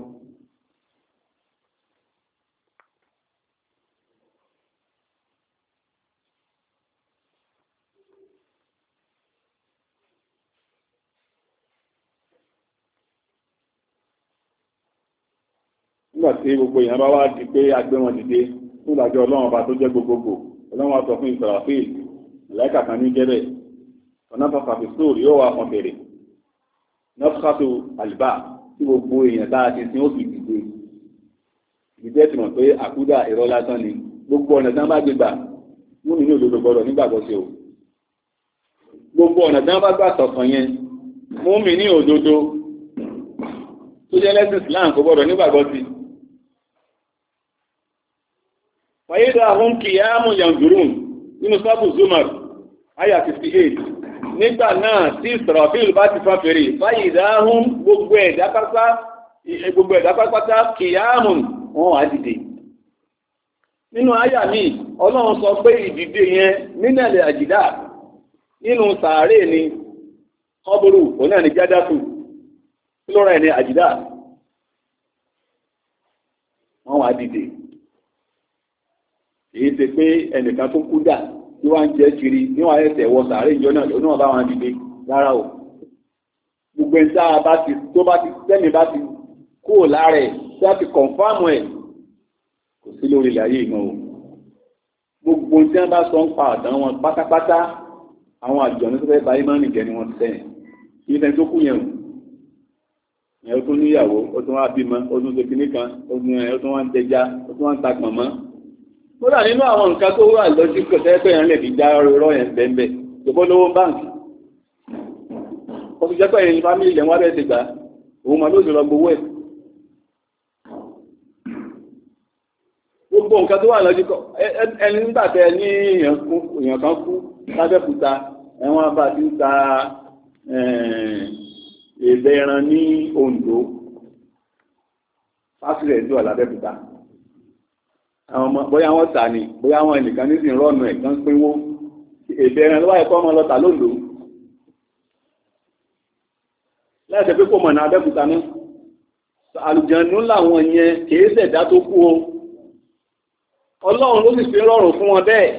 tí gbogbo èèyàn bá wá di pé agbé wọn dìde fún ìdájọ́ ọlọ́run ọba tó jẹ́ gbogbogbò ọlọ́run aṣọ fún ìsàràfíì ìlàkà kan ní jẹ́rẹ̀ ọ̀nà pàpàpì sóòrì yóò wá kan bèrè nọ́fṣàtò àlìbá tí gbogbo èèyàn tá a ti sin ó sì dìde ìdíje ti mọ̀ pé àkúdà irọ́ lásán ni gbogbo ọ̀nà tí wọ́n bá gbégbà mú nínú òdodo gbọ́dọ̀ nígbàgbọ́ sí o gbogbo ọ̀nà tí bá gbà sọ̀kan yẹn mú mi ní òdodo tó jẹ́ lẹ́sìn Islam kò gbọ́dọ̀ nígbàgbọ́ sí i fàyídà hún kìyàmù yanzurun nínú sábù zumar aya 58 nígbà náà tí Israfil bá ti fa fèrè fàyídà hún gbogbo ẹ̀dá pátápátá kìyàmù wọn wà dìde nínú àyà mi ọlọ́run sọ pé ìdìde yẹn nílẹ̀ àjìdá nínú sàárè ni kọ́bùrù òun náà ni jádásù lọ́rọ̀ ẹ̀ ni àjìdá wọ́n wà dìde èyí ṣe pé ẹnìkan tó kú dà tí wọ́n ń jẹ́ kiri níwọ̀n ẹsẹ̀ wọ sàárẹ̀ ìjọ náà lóníwọ̀n bá wọn dìde rárá o gbogbo ẹni tá a bá ti tó bá ti tẹ́mi bá ti kúrò lára ẹ̀ tí a ti kọ̀nfáàmù ẹ̀ kò sí lórí ilẹ̀ ayé ìmọ̀ o gbogbo tí wọ́n bá sọ ń pa àdán wọn pátápátá àwọn àjọ ní sọ́fẹ́ báyìí máa ń nìjẹ́ ni wọ́n ti sẹ́yìn kí ní tó kú yẹn o ìyẹn ó tún níyàwó ó tún wá bímọ ó tún ṣe kan ó ẹ̀ ó tún ń tẹja ó tún ń ta pọ̀nmọ́ kódà nínú àwọn nǹkan tó wà lọ́jú kò tẹ́ẹ̀pẹ́ yẹn lè fi dá ọ̀rọ̀ yẹn bẹ́ẹ̀ gbogbo lówó báǹkì ọdún jẹ́pẹ́ yẹn fámílì ilẹ̀ wọn bẹ́ẹ̀ ti gbà òun mọ̀ lóṣù lọ gbowó ẹ̀ gbogbo nǹkan tó wà lọ́jú kọ ẹni nígbà tẹ ní èèyàn kan kú lábẹ́kúta ẹ̀wọ̀n bá ti ń ta eh, èdè ẹran àwọn ọmọ bóyá wọ́n tà ní bóyá wọn ẹnìkan ní ìsìn rọ́ọ̀nù ẹ̀ kan pínwó èdè ẹran lọ́wọ́ ẹ̀kọ́ ọmọ lọ́tà lóńdó láìsẹ pé kò mọ̀nà abẹ́kúta náà àlùjànnú làwọn yẹn kìí ṣẹ̀dá tó kú o ọlọ́run ló sì fi rọrùn fún wọn bẹ́ẹ̀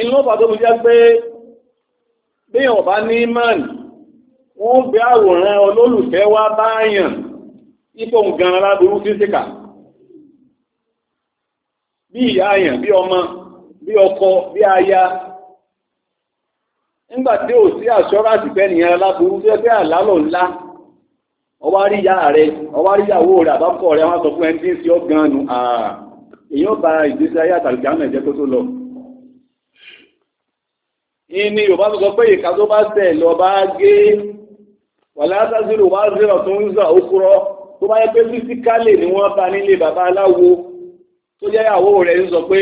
inú ọ̀pá tó fi jẹ́ pé béèyàn bá ní imán wọ́n gbé àwòrán olólùfẹ́ wá báyàn ipò ń gan aláburú fíṣíkà bí ìyá àyàn bí ọmọ bí ọkọ bí aya nígbà tí ò sí àṣọ́ráàtì pẹ́ nìyẹn aláburú tó ẹgbẹ́ àlálò ńlá ọwá rí ìyá rẹ ọwá rí ìyàwó rẹ àbákọ rẹ wọn sọ fún ẹni tí ń sí ọ gan nu èèyàn ba ìgbésí ayé àtàlùkì àmọ̀ ẹ̀jẹ̀ tó tó lọ. ìní yorùbá sọ pé ìka tó bá tẹ̀ lọ bá gé wàlá sásìlò wá zero tó ń zà ó tó bá yẹ pé físíkálì ni wọ́n bá nílé bàbá aláwo tó jẹ́ ìyàwó rẹ̀ ń sọ pé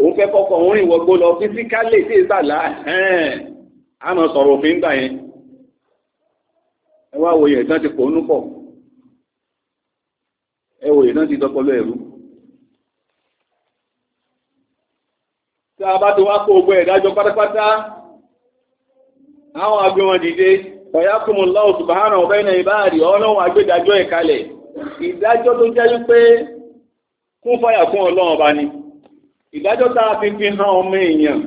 òun fẹ́ kọ́kọ́ òun rìn wọgbó lọ físíkálì sí ìsàlá sọ̀rọ̀ òfin gbà yẹn ẹwà wá ìtàn ti pò ti tọpọlọ ẹ̀rú a bá wá kó ogbó ẹ̀dájọ́ pátápátá àwọn agbé wọn dìde ọ̀yá wa bayna kún faya fún ọlọ́run ọba ni ìdájọ́ tá a fi fi hàn ọmọ èèyàn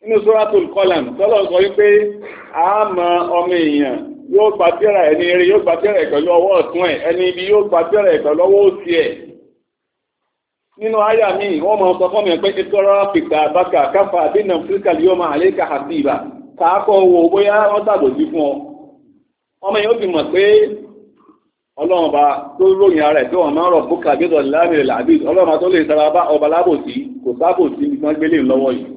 nínú suratul qalam tọ́lọ̀ wípé a mọ ọmọ èèyàn yóò gba eni ẹni eré yóò gba tẹ́rà ẹ̀kọ́ lọ́wọ́ ọ̀tún ẹ̀ ẹni ibi yóò gba tẹ́rà ẹ̀kọ́ òsì ẹ̀ nínú àyà mi wọ́n mọ sọ fún mi pé ìtọ́rọ pìtà bákà káfà àdínà áfíríkà yóò máa lè kà àbí ìbà kàákọ̀ owó bóyá fún ọ ọmọ yóò fi mọ̀ pé ọlọ́run bá tó ròyìn ara ẹ̀ tó wọn máa rọ̀ bókà gbẹ́dọ̀ láàrin làbí ọlọ́run tó lè sára bá ọba lábòsí kò sábòsí ní wọ́n gbélé lọ́wọ́ yìí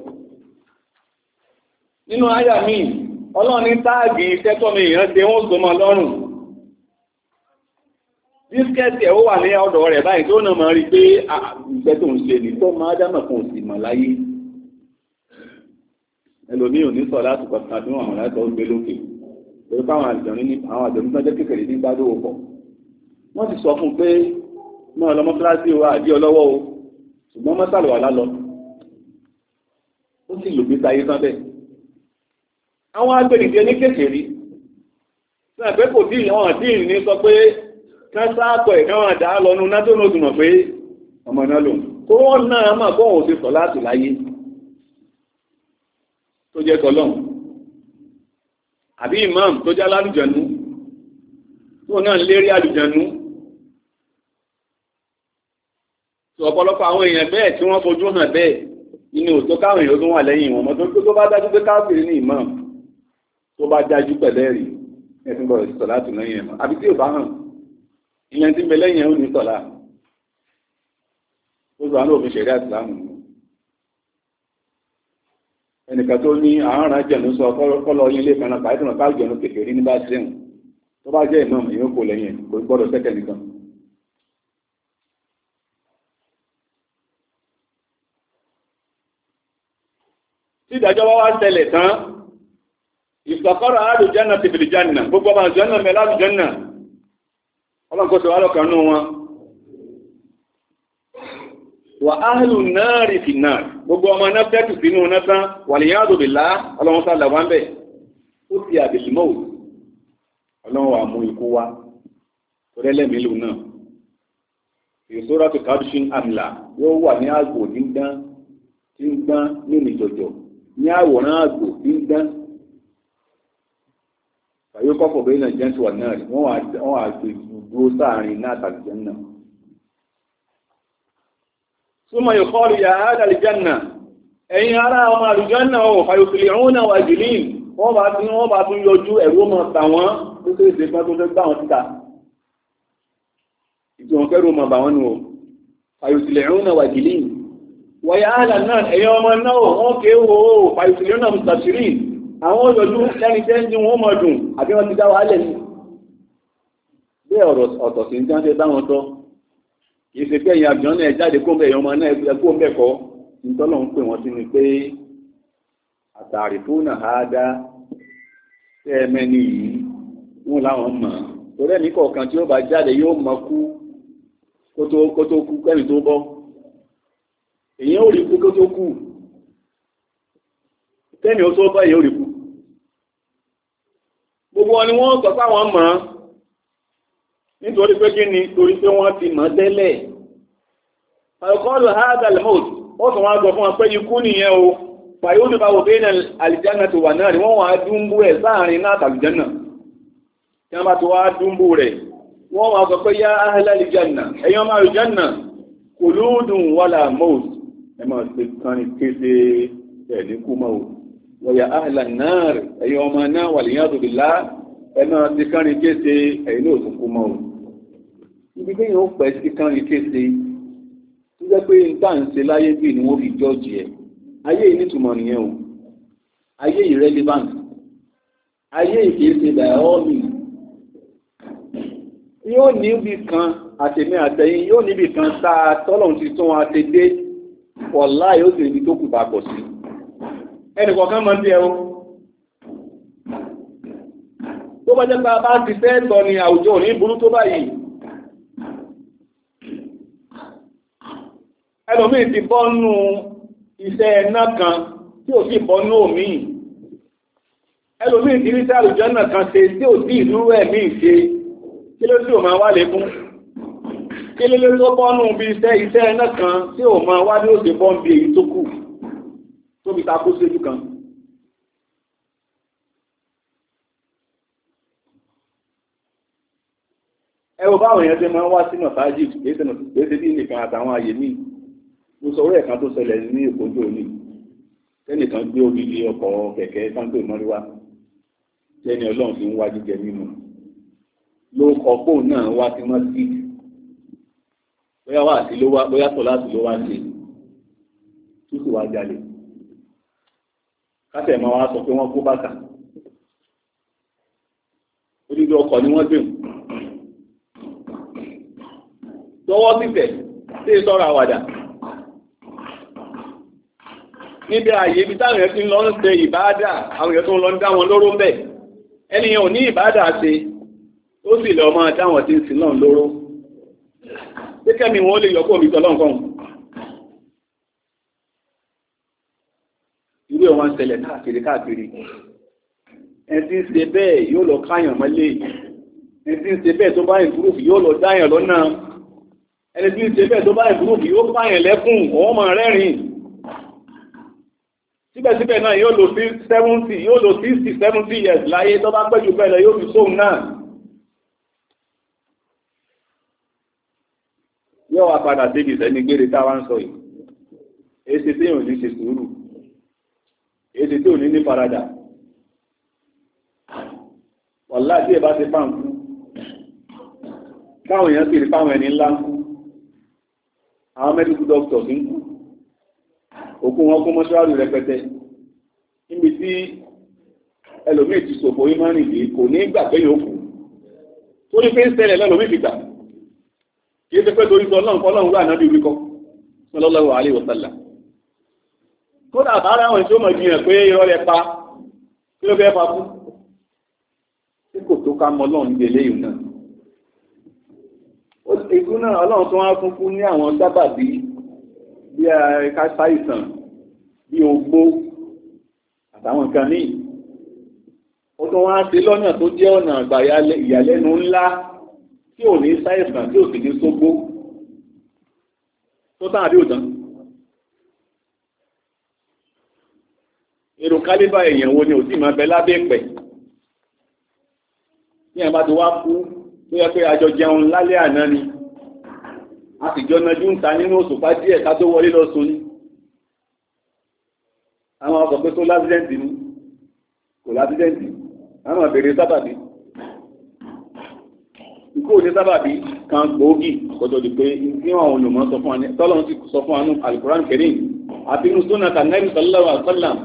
nínú àyà míì ọlọ́run ní táàgì iṣẹ́ tọ́mi èèyàn ṣe wọ́n gbọmọ lọ́rùn bískẹ́ẹ̀tì ẹ̀ ó wà ní ọ̀dọ̀ rẹ̀ báyìí tó náà máa rí pé iṣẹ́ tó ń ṣe ní tó máa dámọ̀ kan òsì mọ̀ láyé ẹlòmíì ò ní sọ láti kọ̀ọ̀kan tí wọ́n àwọn láti ọ gbé lókè pẹ̀lú káwọn àjọ ní àwọn àjọ wọ́n sì sọ fún un pé mọ́ ọlọ́mọ kíláàsì wa àdí ọlọ́wọ́ o ṣùgbọ́n mọ́sàlùwà lálọ ó sì lògbé sáyé tán bẹ́ẹ̀ àwọn agbèrèdè ní kékeré náà pé kò díì àwọn díì ní sọ pé kásáàpọ̀ ẹ̀ká wọn àdá lọ́nu náà tó ní òtùmọ̀ pé ọmọ náà lòun kó wọ́n náà máa bọ́ òun ti sọ láti láyé tó jẹ́ tọ́lọ́m àbí imam tó jẹ́ alálùjẹ̀nu tó náà lérí àlùjẹ̀nu ọ̀pọ̀lọpọ̀ àwọn èèyàn bẹ́ẹ̀ tí wọ́n fojú hàn bẹ́ẹ̀ nínú òtó káwọn èèyàn tó wà lẹ́yìn wọn mọ́tò tó bá dájú pé káfíìrì ní ìmọ̀ tó bá dájú pẹ̀lẹ́ rí ẹ̀sìn bọ̀rọ̀ sí sọ̀lá tún lẹ́yìn ẹ̀mọ́ àbí tí ò bá hàn ìyẹn tí ń bẹ lẹ́yìn ẹ̀ ò ní sọ̀lá ó sọ àwọn òfin ṣẹ̀rí àtìláàmù ẹnìkan tó ní àárán jẹ̀nu sọ kọ́lọ́ yín lé fẹ́ràn pàápàá jẹ̀nu kékeré ní bá ṣẹ́hùn tó bá jẹ́ ìmọ̀ ìyókò lẹ́yìn kò gbọ́dọ̀ sẹ́kẹ̀ nìkan ìdájọ́ wá wá ṣẹlẹ̀ tán ìfàkọ́rọ̀ àlùjánà ti fìlì jánà gbogbo ọba àjọ́nà mẹ́lá àlùjánà ọlọ́nkọ́sọ̀ wà lọ́kàn nú wọn wà áhìlù náà rí fi náà gbogbo ọmọ náà fẹ́tù sínú náà tán wà lè yáàdù bìlá ọlọ́run sálà wá ń bẹ̀ ó ìjọjọ́ ní àwòrán àgbò tí ń dán tàbí kọ́kọ̀ bẹ́ẹ̀ náà jẹ́ tiwa náà rí wọ́n wà gbé dúró sáàrin náà tàbí jẹ́ náà. súnmọ́ ìkọ́rù yà á dàlí jẹ́nà ẹ̀yin ará àwọn àlùjànnà ò fàyòfìlì ọ̀hún náà wà jìlì wọ́n bá wà jìlì wọ̀yá àlà náà ẹ̀yọ ọmọ náà wọ́n ké wo pàìsìlẹ̀ náà mùsàtìrì àwọn òyòdú lẹ́ni tẹ́ ń dín wọ́n mọ̀ dùn àbí wọ́n ti dá wa lẹ̀ ní. bí ọ̀rọ̀ ọ̀tọ̀ sí ń jáde báwọn tọ́ kì í ṣe pé ẹ̀yìn àbíọ́n náà jáde kó bẹ̀ èyàn ò rí kú kó tó kú tẹ́mi ó tó bá èyàn ò rí kú gbogbo wọn ni wọ́n sọ sáwọn mọ̀ nítorí pé kí ni torí pé wọ́n ti mọ̀ tẹ́lẹ̀ alkọ́lù tó wá dúnbú rẹ̀ wọ́n wà sọ pé yá ahẹ́lẹ́ àlìjánà ẹ̀yọ́ máa rìjánà kòlóòdùn wàlà mọ́ọ̀tù ẹ máa ṣe kánrin kéde ẹ̀ní kú mọ́ o wọ̀yà àhìlà náà rẹ̀ ẹ̀yin ọmọ náà wà lèyàn àtòbí lá ẹ máa ṣe kánrin kéde ẹ̀yin náà tún kú mọ́ o ibi kéèyàn ó pẹ́ sí kánrin kéde tó jẹ́ pé níta ń ṣe láyé bí ni wọ́n fi jọ́ọ̀jì ẹ̀ ayé yìí nítumọ̀ nìyẹn o ayé yìí relevant ayé yìí kìí ṣe by all means yóò níbi kan àtẹ̀mí àtẹ̀yìn yóò níbi kan tá tọ́lọ̀ ti tún wa ti dé wọ̀lá yóò sì ibi tó kù bá pọ̀ sí ẹnìkọ̀ọ̀kan máa ń bí ẹrú tó bá jẹ́ a bá ti fẹ́ tọ́ ni àwùjọ ò ní burú tó báyìí ẹlòmíì ti bọ́nú iṣẹ́ ẹ̀nà kan tí ò sì bọ́nú òmíì ẹlòmíì ti rí sí àlùjọ náà kan ṣe tí ò sí ìlú ẹ̀mí ṣe kí ló sì ò máa wá lé fún kí ló ló tó bọ́nú bí iṣẹ́ iṣẹ́ iná kan tí ò mọ wá ní òsè bọ́n bí èyí tó kù tóbi ta kó séjú kan. ẹ wo báwọn èèyàn ṣe máa ń wá sí mọ̀tájì gbèsè bí nìkan àtàwọn àyè míì mo sọ orí ẹ̀kan tó ṣẹlẹ̀ ní ìkójú òní tẹ́nìkan gbé odidi ọkọ̀ kẹ̀kẹ́ sáńtò ìmọ̀ríwá tẹ́ni ọlọ́run fi ń wá jíjẹ mímu ló kọ́ póun náà wá sí mọ́síìtì bóyá wà sí ló wá bóyá sọ láti ló wá ṣe tó sì wá jalè kásẹ̀ máa wá sọ pé wọ́n kó bàtà odidi ọkọ̀ ni wọ́n dùn lọ́wọ́ títẹ̀ sí sọ́ra àwàdà níbi ààyè ibi táwọn èèyàn ti ń lọ ń ṣe ìbáadà àwọn èèyàn tó ń lọ ń dá wọn lóró ń bẹ̀ ẹnìyàn ò ní ìbáadà ṣe ó sì lọ máa dá wọn tí ń sin náà lóró kíkẹ́ mi wọ́n lè yọ kó mi tọ́lọ́ nǹkan irú ẹ̀wọ̀n ṣẹlẹ̀ káàkiri káàkiri ẹ̀sìn ṣe bẹ́ẹ̀ yóò lọ káyàn mọ́lé ẹ̀sìn ṣe bẹ́ẹ̀ tó bá ìgbúrùfù yóò lọ dáyàn lọ́nà ẹni tí ń ṣe bẹ́ẹ̀ tó bá ìgbúrùfù yóò pààyàn lẹ́kùn ọwọ́ máa rẹ́rìn síbẹ̀síbẹ̀ náà yóò lò sí 70 yóò lò 60 70 years láyé tó bá pẹ́jù bẹ́ẹ̀ lọ yóò fi sóhun náà yóò wá padà débi ìsẹ́ni gbére táwa ń sọ yìí èsì tí ò ní ṣe sùúrù èsì tí ò ní ní faradà wàlá tí ẹ bá ti fáǹkú káwọn èèyàn sì rí fáwọn ẹni ńlá ń kú àwọn medical doctors ń kú òkú wọn kún mọ́ṣúárì rẹpẹtẹ níbi tí ẹlòmíì ti ṣòfò ìmọ̀rìn yìí kò ní gbà pé yóò kú torí pé ń ṣẹlẹ̀ lẹ́lòmíì ti kìí ṣe pé torí sọlọ́n fọlọ́n wà náà bí wíkọ́ sallallahu alaihi wasallam kódà àtàrà àwọn ìṣó mọ̀jìyàn pé irọ́ rẹ̀ pa kí ló fẹ́ pa fún tí kò tó ká mọ́ lọ́n nílé eléyìí náà ikú náà ọlọ́run tó wá sí lọ́nà tó jẹ́ ọ̀nà àgbà ìyàlẹ́nu ńlá tí ò ní sáìsàn tí ò sì ní sógbó tó tán àbí òtán èrò kálíbà èèyàn wo ni ò sì máa bẹ lábẹ́ pẹ̀ ní àbá tó wá kú tó yẹ pé àjọ jẹun lálẹ́ àná ni a sì jọ nájú ń ta nínú òṣùpá díẹ̀ ká tó wọlé lọ sùn ni àwọn ọkọ̀ pé tó lásìdẹ́ǹtì ni kò lásìdẹ́ǹtì àwọn àbèrè sábàbí ikú òní sábàbí kan gbòógì kọjọ di pé níwọ̀n àwọn olùmọ̀ sọ fún wa ní tọ́lọ́run ti sọ fún wa ní alukuran kẹrin àti inú sọ́nà kànáìmù sallallahu alaihi wasallam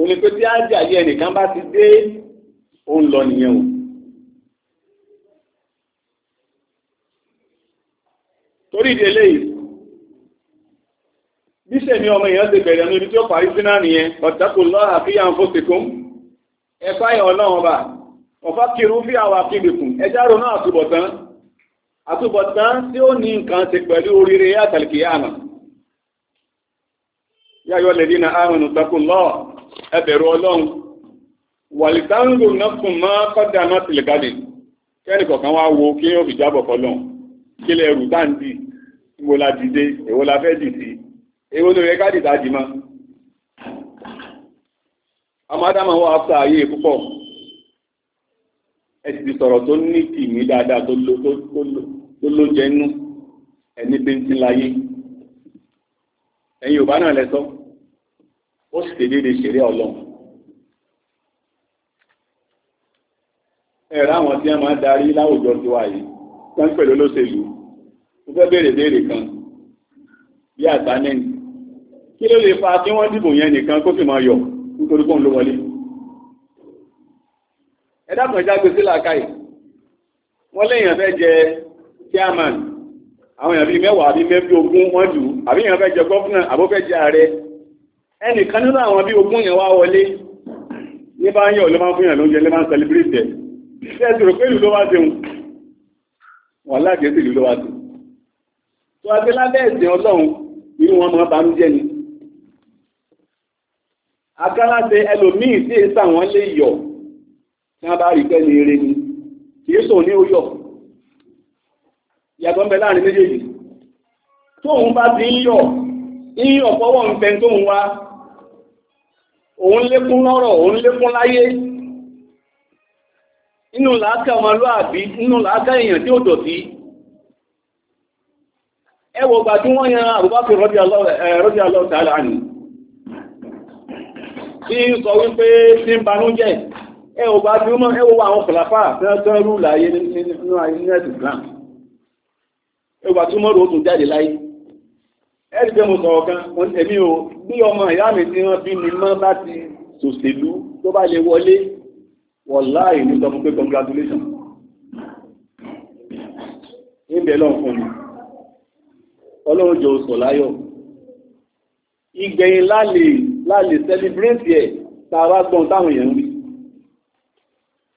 òní pé tí á jẹ́ àyè ẹnìkan bá ti dé ó ń lọ nìyẹn o. torí ìdí eléyìí bí sẹ́mi ọmọ èèyàn ti bẹ̀rẹ̀ ní tí ó parí sí náà nìyẹn ọ̀tàkù lọ́hà fi hàn fún tìkún ẹ̀fá ìhàn náà ẹjá ronú àtúbọ̀tán àtúbọ̀tán tí ó ní nǹkan ṣe pẹ̀lú oríire àtàlìkì àmà yáyọ́ lẹ́dí na àrùn ìtakùn lọ ẹbẹ̀rù ọlọ́run wàlìtánlò náfún máa kọ́dà náà wá wo kí ó fi jábọ̀ fọlọ́n kí a ẹ sì ti sọ̀rọ̀ tó ní tìmí dáadáa tó ló jẹ́ nú ẹni bí ń ti láyé ẹ̀yin Yorùbá náà lẹ́sọ́ ó sì ti dédé ṣeré ọlọ́run ẹ̀rọ àwọn tí wọ́n máa darí láwùjọ ti wà yìí tán pẹ̀lú olóṣèlú mo fẹ́ béèrè béèrè kan bí àtànẹ́ni kí ló lè fa kí wọ́n dìbò yẹn nìkan kó sì máa yọ nítorí kóun ló wọlé ẹ̀dá mọ̀já gbèsè làákàyè wọ́n léèyàn fẹ́ jẹ chairman àwọn èèyàn bíi mẹ́wàá bíi mẹ́bí ogún wọ́n lù àbí èèyàn fẹ́ jẹ gọ́fúnà àbó fẹ́ jẹ ààrẹ ẹnìkan nínú àwọn bíi ogún yẹn wá wọlé ní bá ń yọ̀ ló máa fún yàn lóúnjẹ ló máa ń celebrate ẹ̀ ṣe ẹ̀sùn rò pé ìlú ló wá ṣeun wọ́n láti ẹ̀sìn ìlú ló wá ṣe tó a gbé lábẹ́ ẹ̀sìn ọlọ́run irú wọn máa banú jẹ́ ni akára ẹlòmíì sí ìsàwọn lè yọ̀ tí wọ́n bá rí pẹ́ ní eré ni kìí ní oyọ̀ ìyàtọ̀ ń bẹ láàrin méjèèjì tóun bá ti ń yọ̀ ń yọ̀ fọwọ́ ń wá òun lékún lọ́rọ̀ òun lékún láyé inú làákà ọmọlúàbí inú làákà èèyàn tí ó dọ̀tí ẹwọ gbà tí wọ́n yan Abubakar rọ́bí ẹ ò bá bí ó mọ́ ẹ wo àwọn kọ̀láfà tán rú láyé nínú ayélujára Islam ẹ wà tí mọ́rọ̀ ó tún jáde láyé ẹ rí pé mo sọ̀rọ̀ kan èmi ò bí ọmọ ìyá mi tí wọ́n bí mi mọ́ bá ti sòṣèlú tó bá lè wọlé wọ̀láì ní sọ fún pé congratulations níbẹ̀ lọ́n fún mi ọlọ́run jọ sọ láyọ̀ ìgbẹ̀yìn lálẹ́ lálẹ́ celebrate ẹ̀ tààrà gbọ́n táwọn èèyàn ń rí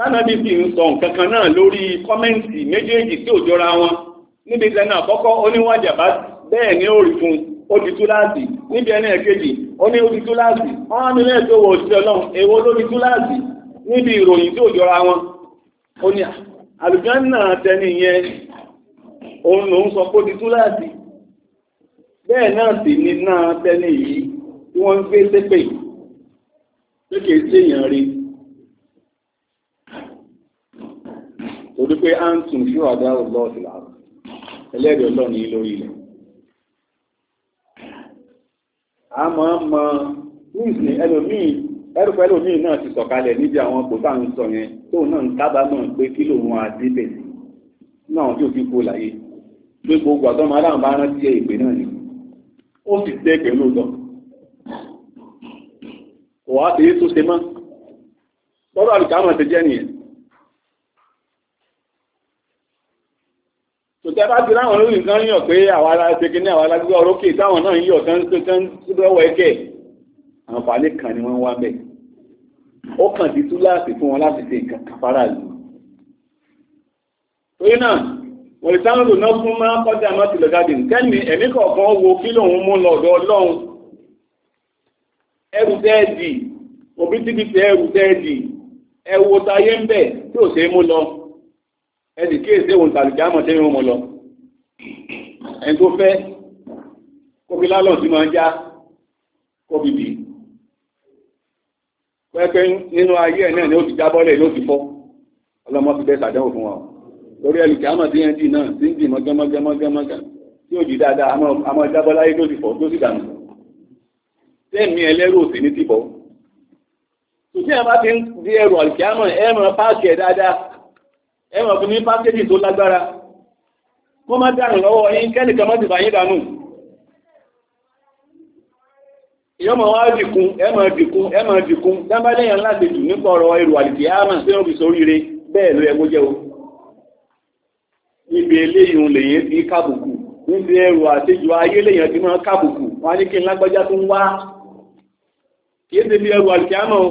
tánàbí sì ń sọ nǹkan kan náà lórí kọ́mẹ́ǹtì méjèèjì tí ò jọra wọn níbi ìtẹ́nà àkọ́kọ́ ó ní wájàbá bẹ́ẹ̀ ni ó rí fún ó di túláàsì níbi ẹni ẹ̀kejì ó ní ó di túláàsì wọ́n á ní lẹ́ẹ̀ tó wọ òṣìṣẹ́ ọlọ́run èwo ló di túláàsì níbi ìròyìn tí ò jọra wọn ó ní àlùjànnà rí torí pé à ń tún fún àdá ọlọ́ọ̀dì láàrú ẹlẹ́rìí ọlọ́ọ̀ni lórí ilẹ̀ a máa ń mọ níìsín ẹlòmíì ẹrùpẹ́ ẹlòmíì náà ti sọ̀kalẹ̀ níbi àwọn kò tá à ń sọ yẹn tóun náà ń kábàámọ̀ pé kí lòun àdébẹ̀ náà tí ò fi kú láyé pé gbogbo àtọ́mọ aláǹbá rántí ẹ ìpè náà ni ó sì tẹ́ pẹ̀lú ọ̀dọ̀ kò wá sí tó ṣe mọ́ bọ́lá àlùkà mọ̀ ti jẹ́ nìyẹn tẹ bá ti láwọn olóyìn kan yàn pé àwa la ṣe kíní àwa la gbé ọrókè táwọn náà yíyọ̀ tán tó tán lọ́wọ́ ẹ̀kẹ́ àǹfààní kan ni wọ́n wá bẹ̀ ó kàn ti tú láti fún wọn láti ṣe nǹkan kàfàrà lù torí náà wọ́n ìsáwọn lò náà fún máa kọjá máa ti lọ́gàdì kẹ́mi ẹ̀mí kọ̀ọ̀kan wo kí lòun mú lọ ọ̀dọ̀ ọlọ́run ẹrù tẹ́ẹ̀dì òbí títí tẹ ẹrù tẹ́ẹ̀dì ẹwọ tayé ń bẹ̀ tí é mú lọ ẹnì kí èsè òun tàbí kí á mọ̀ ṣe é mú lọ ẹni tó fẹ́ kóbi lálọ́ sí máa já kóbi bì pẹ́pẹ́ nínú ayé ẹ̀ náà ni ó ti jábọ́lẹ̀ ló ti fọ́ ọlọ́mọ fi bẹ́ẹ̀ sàdánwò fún wa lórí ẹlùkẹ́ àmọ̀ tí yẹn dì náà tí ń dì mọ́gánmọ́gánmọ́gá tí ó dì dáadáa àmọ́ jábọ́ láyé tó ti fọ́ tó sì dànù tẹ́ẹ̀mí ẹlẹ́rù òsì ní tìbọ̀ tòtí ẹ̀ bá ti ń di ẹrù ọ̀lùkẹ́ àmọ̀ ẹ̀ mọ̀ páàkì kó má dànù lọ́wọ́ yín kẹ́nìkan má dìbà yín dànù yọ́ ma wá dìkún ẹmọ̀ dìkún ẹmọ̀ dìkún dábá lẹ́yìn láti jù nípa ọ̀rọ̀ èrò àlìkì àmà tí ó fi sóríire bẹ́ẹ̀ ló ẹgbó jẹ́ o níbi eléyìn lèyìn ti kábùkù níbi ẹrù àtejò ayé lèyìn ti máa kábùkù wọ́n á ní kí n lágbájá tó ń wá kì í ṣe bí ẹrù àlìkì àmà o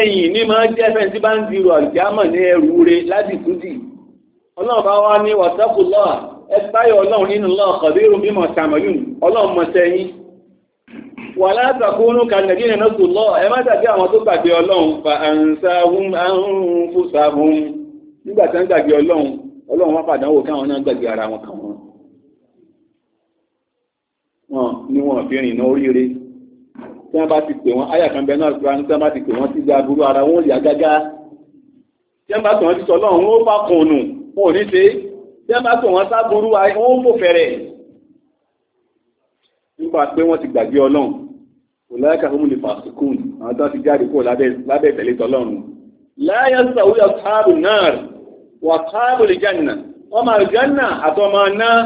ẹ̀yìn ní máa jẹ́ fẹ́ǹtì bá ń di ẹrù àlìkì àmà ní ẹrù rẹ̀ láti kúndì ọlọ́run bá wá ní wàtẹ́kù lọ́à ẹ báyọ̀ ọlọ́run nínú lọ́ọ̀ kọ̀bírù mímọ̀ sàmọ̀yún ọlọ́run mọ̀ sẹ́yìn wà látàkúnú kàndẹ̀dí nínú kù lọ́ ẹ má dàbí àwọn tó gbàgbé ọlọ́run fa àǹsáhùn àǹfùsàhùn nígbà tí wọ́n gbàgbé ọlọ́run ọlọ́run wá padà wò káwọn náà gbàgbé ara wọn kàn wọ́n wọn ni wọn bá ti pè wọ́n áyà náà tí wọ́n bá ti pè wọ́n sí gbàgbúrú ara wọn ò gágá tí wọ́n bá tàn ti sọ ọlọ́run ó bá kùn wọn ò ní ṣe tí wọ́n bá sọ wọn sábúrú wọn ń fò fẹ̀rẹ̀ nípa pé wọ́n ti gbàgbé ọlọ́run kò láyàkà fún mi fàṣíkùn àwọn tó ti jáde kúrò lábẹ́ ìtẹ̀lé tọlọ́run láyà sàwúyà táàbù náà wà táàbù lè jàǹnà ọmọ àlùjànnà àtọmọ náà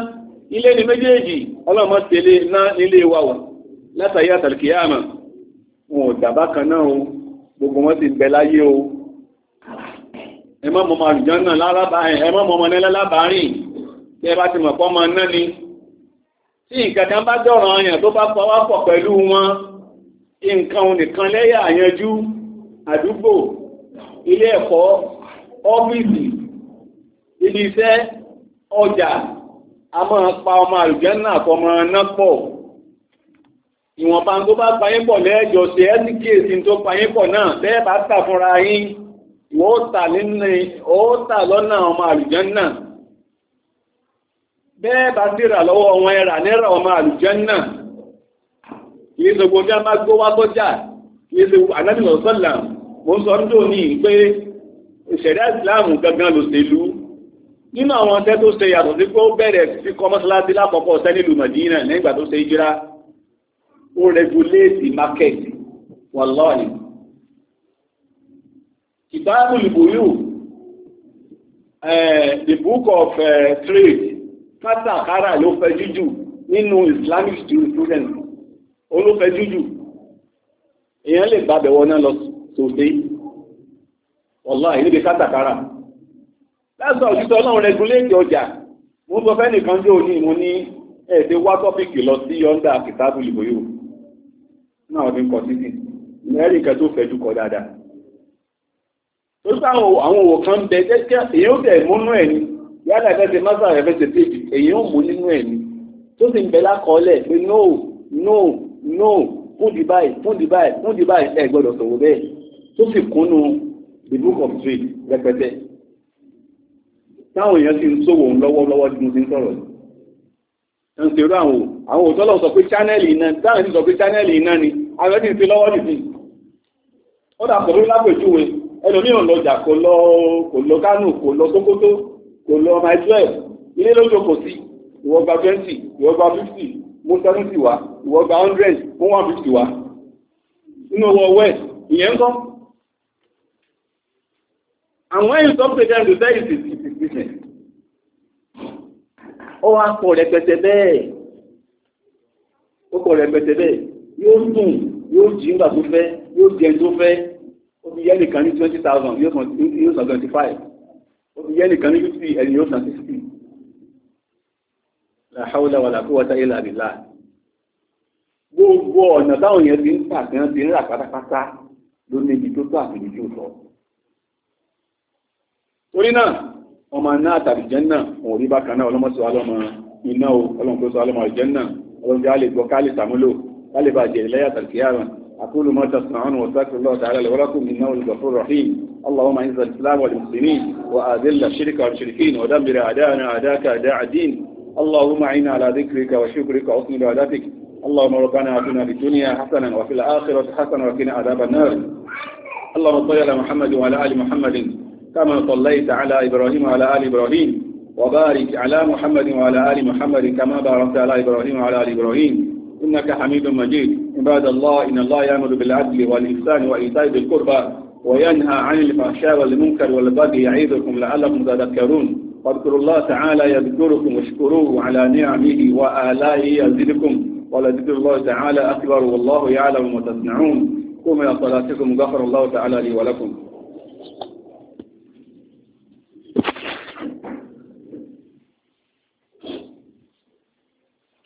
ilé ni méjèèjì ọlọ́mọ tẹ̀lé náà nílé wa wà látàrí àtàlùkìyàmà wọn ò dàbá kan náà o gbogbo wọn ti bẹ láyé o ẹ má mọ̀mọ́ àlùjọ́ náà lálábà ẹ má mọ̀mọ́ ní lálábàárìn tí ẹ bá ti mọ̀ pọ́ mọ náà ni tí nǹkan kan bá jọ̀rọ̀ ọyàn tó bá fọwọ́ pọ̀ pẹ̀lú wọn nǹkan òun nìkan lẹ́yà àyanjú àdúgbò ilé ẹ̀kọ́ ọ́fíìsì ibi iṣẹ́ ọjà a máa pa ọmọ àlùjọ́ náà fọmọ náà pọ̀ ìwọ̀nba tó bá payín pọ̀ lẹ́ẹ̀jọ́ sí ẹ́ sì kíyèsí tó payín pọ̀ náà bẹ́ẹ̀ bá tà fúnra yín wọ́n tà nínú ó tà lọ́nà ọmọ àlùjànnà bẹ́ẹ̀ bá sí rà lọ́wọ́ wọn ẹ̀rà nẹ́rà ọmọ àlùjànnà kìí ṣe gbogbo ọjọ́ máa gbó wá bọ́jà kìí ṣe ànádìmọ̀ sọ́là mo ń sọ ń dò ní pé kìtàbù ìbòyò the book of uh, trade kátàkárà ló fẹ́ jújù nínú islamic jurisprudence olófẹ́ jújù èèyàn lè gbàbẹ̀ wọn náà lọ sòdé ọ̀la ìlébi kátàkárà lásán òjútọ́ náà rẹgúléètì ọjà mo sọ fẹ́ nìkan jẹ́ òní mo ní ẹ̀ẹ́dẹ́ wá tọ́pìkì lọ sí yọ́ndà kìtàbù ìbòyò náà ọdún kọ̀ títì mẹ́rin kẹ́ tó fẹ́ jù kọ dáadáa torípé àwọn òwò kan bẹ kẹ́kẹ́ èyí ó bẹ̀ múnú ẹ̀ ni yálà ẹ̀fẹ́sẹ̀ mọ́sà ẹ̀fẹ́sẹ̀ tèbi èyí ó mú nínú ẹ̀ ni tó sì ń bẹ lákọọ́lẹ̀ pé no no no fún dubai fún dubai fún dubai ẹ̀ gbọ́dọ̀ sọ̀rọ̀ bẹ́ẹ̀ tó sì kúnnú the book of trade rẹpẹtẹ táwọn èèyàn ti ń sòwò lọ́wọ́lọ́wọ́ tí mo ti ń sọ̀rọ̀ yìí ń ṣe rú àwọn àwọn òtọ́lọ̀ sọ pé chánẹ́lì iná dáhùn sí sọ pé chánẹ́lì iná ni àwọn ẹ̀dín ti lọ́wọ́ nìsín ó dà pọ̀ lórí lápèjúwe ẹlòmí ò kò lọ kò lọ kò lọ sókótó kò lọ my twelve ilé ló jókòó sí ìwọ gba twenty ìwọ mú seventy wá ìwọ gba mú one wá nínú owó ọwọ́ ẹ̀ ìyẹn ń kọ́. and when you talk to them to say it business. ó wá pọ̀ rẹpẹtẹ bẹ́ẹ̀ ó pọ̀ rẹpẹtẹ bẹ́ẹ̀ yóò dùn yóò jí nígbà tó fẹ́ yóò jẹ tó fẹ́ omi yẹ́ nìkan ní twenty thousand yóò san twenty five omi yẹ́ nìkan ní fifty ẹni yóò san sixty làhàwùlà wà làkúwọ́tà ilà àdìlà gbogbo ọ̀nà táwọn yẹn ti ń tà tí wọ́n ti ń rà pátápátá ló ní ibi tó tó àfihàn tí ó sọ torí náà ọmọ náà tàbí jẹ́ náà òun rí bákan náà ọlọ́mọ sọ alọ́mọ iná o ọlọ́mọ tó sọ alọ́mọ àjẹ́ náà ọlọ́mọ tí ká lè sàmúlò ká lè bàjẹ́ ìlẹ́yà tàbí kíyàrán أقول ما تصنعون وأستغفر الله تعالى لي ولكم إنه الغفور الرحيم اللهم أعز الإسلام والمسلمين وأذل الشرك والمشركين ودمر أعداءنا أعداءك أعداء الدين اللهم أعنا على ذكرك وشكرك وحسن عبادتك اللهم ربنا آتنا في الدنيا حسنة وفي الآخرة حسنة وقنا عذاب النار اللهم صل على محمد وعلى آل محمد كما صليت على إبراهيم وعلى آل إبراهيم وبارك على محمد وعلى آل محمد كما باركت على إبراهيم وعلى آل إبراهيم إنك حميد مجيد عباد الله إن الله يأمر بالعدل والإحسان وإيتاء ذي القربى وينهى عن الفحشاء والمنكر والبغي يعظكم لعلكم تذكرون واذكروا الله تعالى يذكركم واشكروه على نعمه وآلائه يزدكم ولذكر الله تعالى أكبر والله يعلم ما تصنعون قوموا إلى صلاتكم غفر الله تعالى لي ولكم